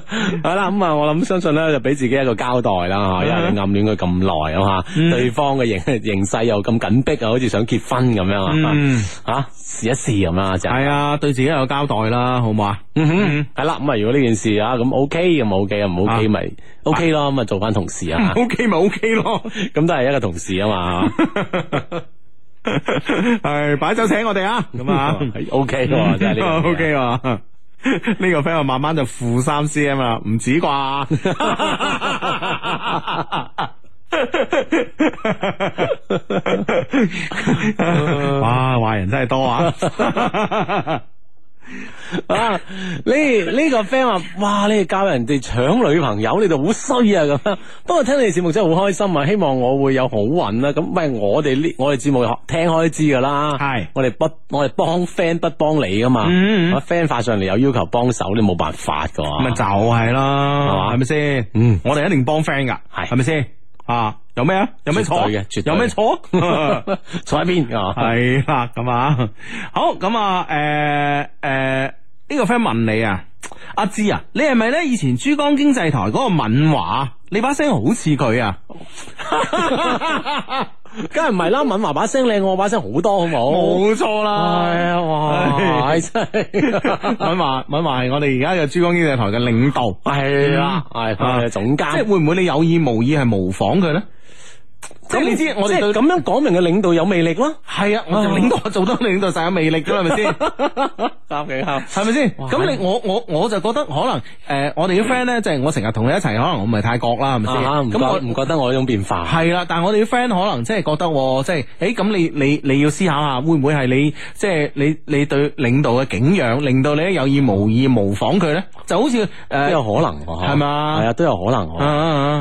好啦，咁、嗯、啊，我諗相信咧就俾自己一個交代啦，吓、啊，因為你暗戀佢咁耐啊嘛， 對方嘅形形勢又咁緊逼啊，好似～想結婚咁樣、嗯、啊，吓試一試咁啊，就係啊，對自己有交代啦，好唔好啊、嗯？嗯哼，係啦、嗯，咁啊，如果呢件事啊，咁 OK，咁 OK，唔 OK 咪 OK, OK,、啊、OK 咯，咁啊，做翻同事啊，OK 咪、啊、OK 咯，咁都係一個同事啊, 啊嘛，係擺酒請我哋啊，咁啊，OK，真係 OK 啊，呢、OK 這個 friend 慢慢就負三 C 啊嘛，唔止啩。 哇！壞人真係多啊！啊 ！呢呢、這個 friend 話，哇！你哋教人哋搶女朋友，你就好衰啊！咁樣，不過聽你哋節目真係好開心啊！希望我會有好運啦、啊！咁，喂我哋呢？我哋節目聽開都知噶啦，係是我哋不我哋幫 friend 不幫你噶嘛？friend、嗯嗯、發上嚟有要求幫手，你冇辦法噶嘛？咪就係啦，係咪先？嗎嗯，我哋一定幫 friend 噶，係係咪先？啊，有咩啊？有咩錯？絕對有咩錯？ 坐喺邊哪？啊？ 係啦，咁啊，好咁啊，誒、呃、誒，呢、呃，這個 friend 問你啊，阿芝啊，你係咪咧以前珠江經濟台嗰個敏華？你把聲好似佢啊。 梗係唔係啦，敏華把聲靚，我把聲好多，好唔好？冇錯啦，係啊、哎，哇、哎，係敏華，敏華係我哋而家嘅珠江經濟台嘅領導，係啦、哎呀，係佢嘅總監，即係會唔會你有意無意係模仿佢咧？即你知，即係咁樣講明嘅領導有魅力咯。係啊，我領導做到領導就有魅力噶啦，係咪先？三幾下，係咪先？咁你我我我就覺得可能誒，我哋啲 friend 咧，即係我成日同你一齊，可能唔係太覺啦，係咪先？咁我唔覺得我呢種變化。係啦，但係我哋啲 friend 可能即係覺得，即係誒，咁你你你要思考下，會唔會係你即係你你對領導嘅景仰，令到你有意無意模仿佢咧？就好似誒，都有可能，係嘛？係啊，都有可能，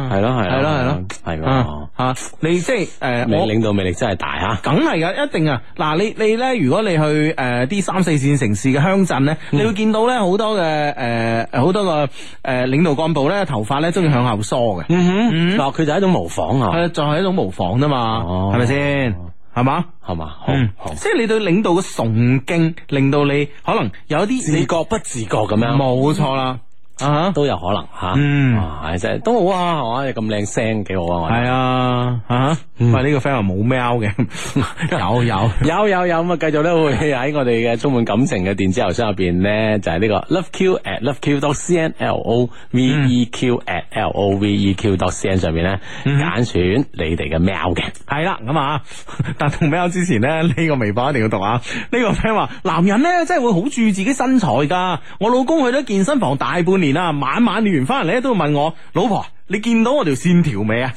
係咯，係咯，係咯，係嘛？啊，你。即係誒，呃、你領導魅力真係大啊，梗係噶，一定啊！嗱，你你咧，如果你去誒啲、呃、三四線城市嘅鄉鎮咧，嗯、你會見到咧好多嘅誒，好、呃嗯、多嘅誒領導幹部咧，頭髮咧中意向後梳嘅，嗱、嗯，佢、嗯哦、就係一種模仿啊，就係一種模仿啊嘛，係咪先？係嘛吧？係嘛？好嗯，好即係你對領導嘅崇敬，令到你可能有啲自覺不自覺咁樣，冇錯啦。啊、uh huh? 都有可能吓，哇、啊，真係都好啊，係、啊、嘛，咁靚聲，幾好啊，係啊，吓、uh，唔係、huh? 呢、嗯這個 friend 話冇喵嘅， 有有有有有，咁啊，繼續咧會喺我哋嘅充滿感情嘅電子郵箱入邊咧，就係、是、呢、這個 loveq at loveq dot c n l o v e q at q.、N、l o v e q dot、嗯 e、c n 上邊咧揀選你哋嘅喵嘅， 係啦，咁啊，但同喵之前咧，呢、這個微博一定要讀啊，呢、這個 friend 話，男人咧真係會好注意自己身材噶，我老公去咗健身房大半。年啊，晚晚練完翻嚟咧都會問我老婆。你見到我條線條未啊？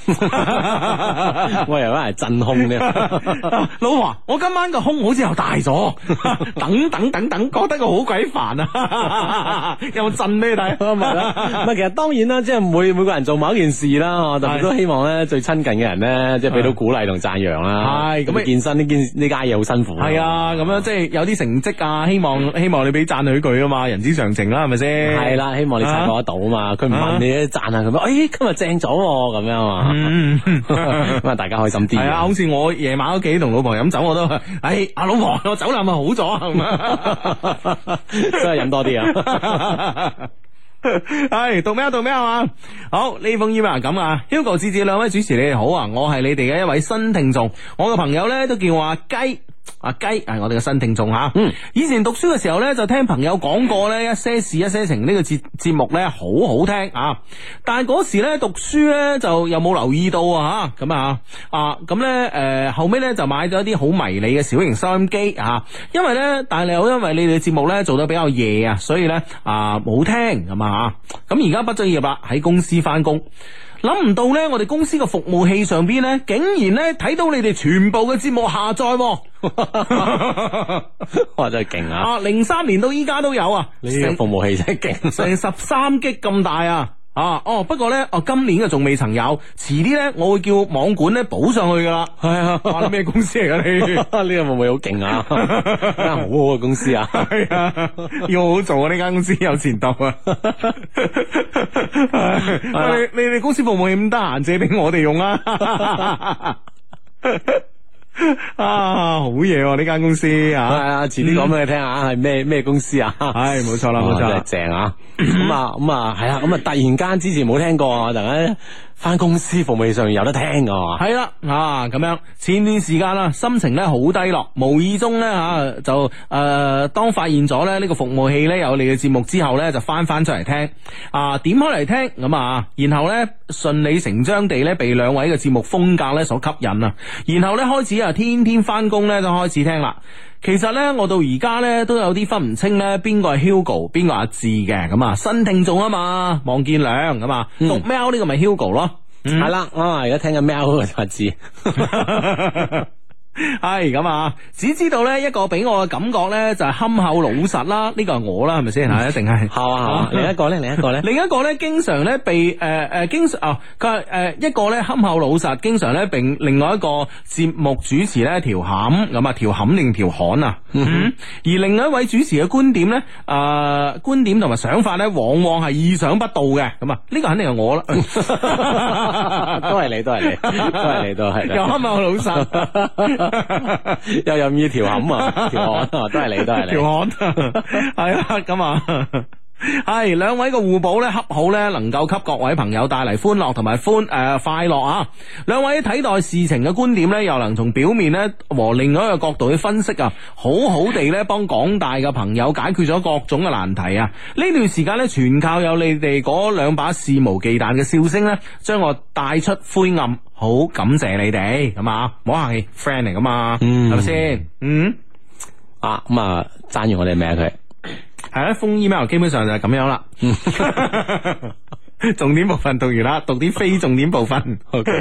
我又翻嚟震胸咧， 老婆，我今晚個胸好似又大咗， 等等等等，覺得佢好鬼煩啊！冇 有有震咩大？唔係啦，唔係其實當然啦，即係每每個人做某一件事啦，我哋都希望咧最親近嘅人咧，即係俾到鼓勵同讚揚啦。係咁的，健身呢你件呢家嘢好辛苦。係啊的，咁樣即係有啲成績啊，希望、嗯、希望你俾讚許佢啊嘛，人之常情啦，係咪先？係啦吧，希望你察覺得到啊嘛，佢唔問你讚下佢，哎。哎正咗咁樣嘛，咁啊 大家開心啲。係啊， 好似我夜晚屋企同老婆飲酒，我都，唉、哎，阿老婆，我酒量咪好咗，真係飲多啲啊。係到咩啊？到咩啊？好，呢 封 email 咁啊，Hugo、子子兩位主持你哋好啊，我係你哋嘅一位新聽眾，我嘅朋友咧都叫我阿雞。阿雞，係、啊、我哋嘅新聽眾吓、啊。嗯，以前讀書嘅時候呢，就聽朋友講過呢，一些事一些情呢個節節目呢，好好聽啊。但係嗰時呢，讀書呢，就有冇留意到啊？咁啊啊咁呢，誒、啊、後尾呢就買咗啲好迷你嘅小型收音機啊。因為呢，但係好，因為你哋節目呢，做得比較夜啊，所以呢，啊冇聽咁啊。咁而家畢咗業啦，喺公司翻工。諗唔到咧，我哋公司個服務器上邊咧，竟然咧睇到你哋全部嘅節目下載，哇真係勁啊！啊，零三年到依家都有啊，你嘅服務器真係勁，成十三 G 咁大啊！啊哦，不過咧，哦今年嘅仲未曾有，遲啲咧我會叫網管咧補上去噶啦。係啊，話你咩公司嚟噶 你？你係咪咪好勁啊？間 好好嘅公司啊，係啊、哎，要好做啊！呢間公司有前途啊！你哋公司服務咁得閒，借俾我哋用啊！ 啊，好嘢！呢間公司啊，遲啲講俾你聽下，係咩咩公司啊？係冇錯啦，冇錯，係正啊！咁 啊，咁、嗯、啊，係啦、啊，咁啊，突然間之前冇聽過啊，突然間。翻公司服務器上面有得聽噶、啊、嘛？係啦，啊咁樣。前段時間啦，心情咧好低落，無意中咧吓、啊、就誒、呃，當發現咗咧呢個服務器咧有你嘅節目之後咧，就翻翻出嚟聽啊，點開嚟聽咁啊，然後咧順理成章地咧被兩位嘅節目風格咧所吸引啊，然後咧開始啊天天翻工咧就開始聽啦。其實咧，我到而家咧都有啲分唔清咧，邊個係 Hugo，邊個係阿志嘅咁啊，新聽眾啊嘛，望見兩咁啊，嗯、讀喵呢、這個咪 Hugo 咯，係啦、嗯，啊而家聽緊喵個阿志。 係咁啊！只知道咧一個俾我嘅感覺咧就係憨厚老實啦，呢個係我啦，係咪先？係一定係係啊！另一個咧， 另一個咧，另一個咧、呃，經常咧被誒誒經常啊，佢係誒一個咧憨厚老實，經常咧並另外一個節目主持咧調冚咁啊，調冚定調罕啊！嗯嗯、而另外一位主持嘅觀點咧誒、呃，觀點同埋想法咧，往往係意想不到嘅。咁啊，呢、這個肯定係我啦，哎、 都係你，都係你，都係你，都係 又憨厚老，老實。又 任意調侃啊，調侃啊，都係你，都係你，調侃係啊，咁啊。係兩位嘅互補呢，恰好呢，能夠給各位朋友帶嚟歡樂同埋歡誒、呃、快樂啊！兩位睇待事情嘅觀點呢，又能從表面呢，和另外一個角度去分析啊，好好地呢，幫廣大嘅朋友解決咗各種嘅難題啊！呢段時間呢，全靠有你哋嗰兩把肆無忌憚嘅笑聲呢，將我帶出灰暗，好感謝你哋，咁啊，唔好客氣，friend 嚟㗎嘛，係咪先？嗯，啊咁啊，讚住我哋咩？佢。係啦，封 email 基本上就係咁樣啦。 重點部分讀完啦，讀啲非重點部分。OK，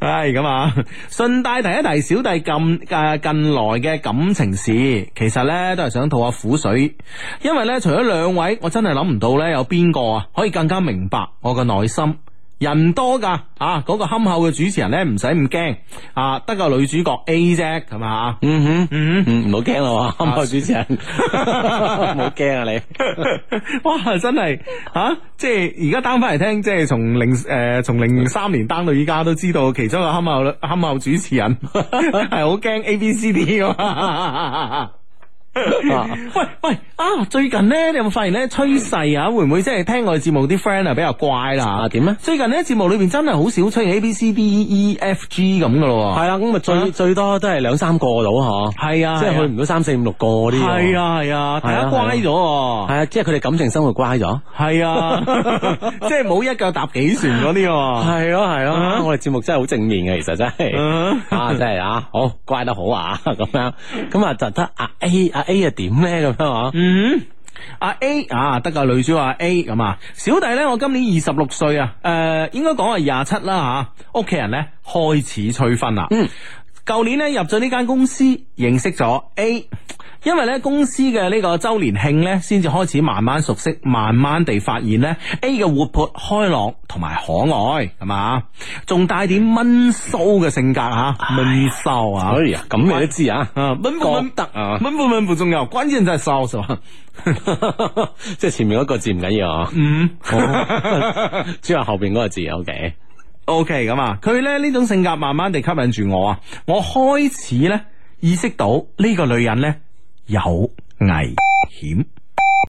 係咁啊。順帶提一提小弟近誒近來嘅感情事，其實咧都係想吐下苦水，因為咧除咗兩位，我真係諗唔到咧有邊個啊可以更加明白我嘅內心。人多噶，啊，嗰、那個憨厚嘅主持人咧唔使咁驚，啊，得個女主角 A 啫，係咪？嗯哼，嗯，唔好驚啦，憨厚、嗯啊、主持人，好驚啊你，哇，真係，吓、啊，即係而家單翻嚟聽，即係從零誒，從零三年單到依家，都知道其中一個憨厚啦，憨厚主持人係好驚 A B C D 噶。 喂喂啊！最近咧，你有冇發現咧趨勢啊？會唔會即係聽我哋節目啲 friend 啊比較乖啦？點咧？最近咧節目裏邊真係好少出現 A B C D E F G 咁噶咯喎。係啊，咁啊最最多都係兩三個到嗬。係啊，即係去唔到三四五六個啲。係啊係啊，大家乖咗。係啊，即係佢哋感情生活乖咗。係啊，即係冇一個搭幾船嗰啲。係咯係咯，我哋節目真係好正面嘅，其實真係啊，真係啊，好乖得好啊，咁樣咁啊就得阿 A。A 啊點咧咁樣嗬？嗯、啊，阿 A 啊得噶，女主話、啊、A 咁啊，小弟咧我今年二十六歲啊，誒應該講係廿七啦吓，屋企人咧開始催婚啦。嗯。舊年咧入咗呢間公司，認識咗 A，因為咧公司嘅呢個周年慶咧，先至開始慢慢熟悉，慢慢地發現咧 A 嘅活潑開朗同埋可愛，係嘛？仲帶點悶騷嘅性格吓，悶騷啊！嗯哎、呀所以咁你都知啊，悶不悶得啊？悶不悶不重要，關鍵在騷，係嘛，即係前面嗰個字唔緊要，啊，嗯，主要後邊嗰個字，O K。Okay? O K，咁啊，佢咧，呢種性格慢慢地吸引住我啊，我開始咧意識到呢個女人咧有危險。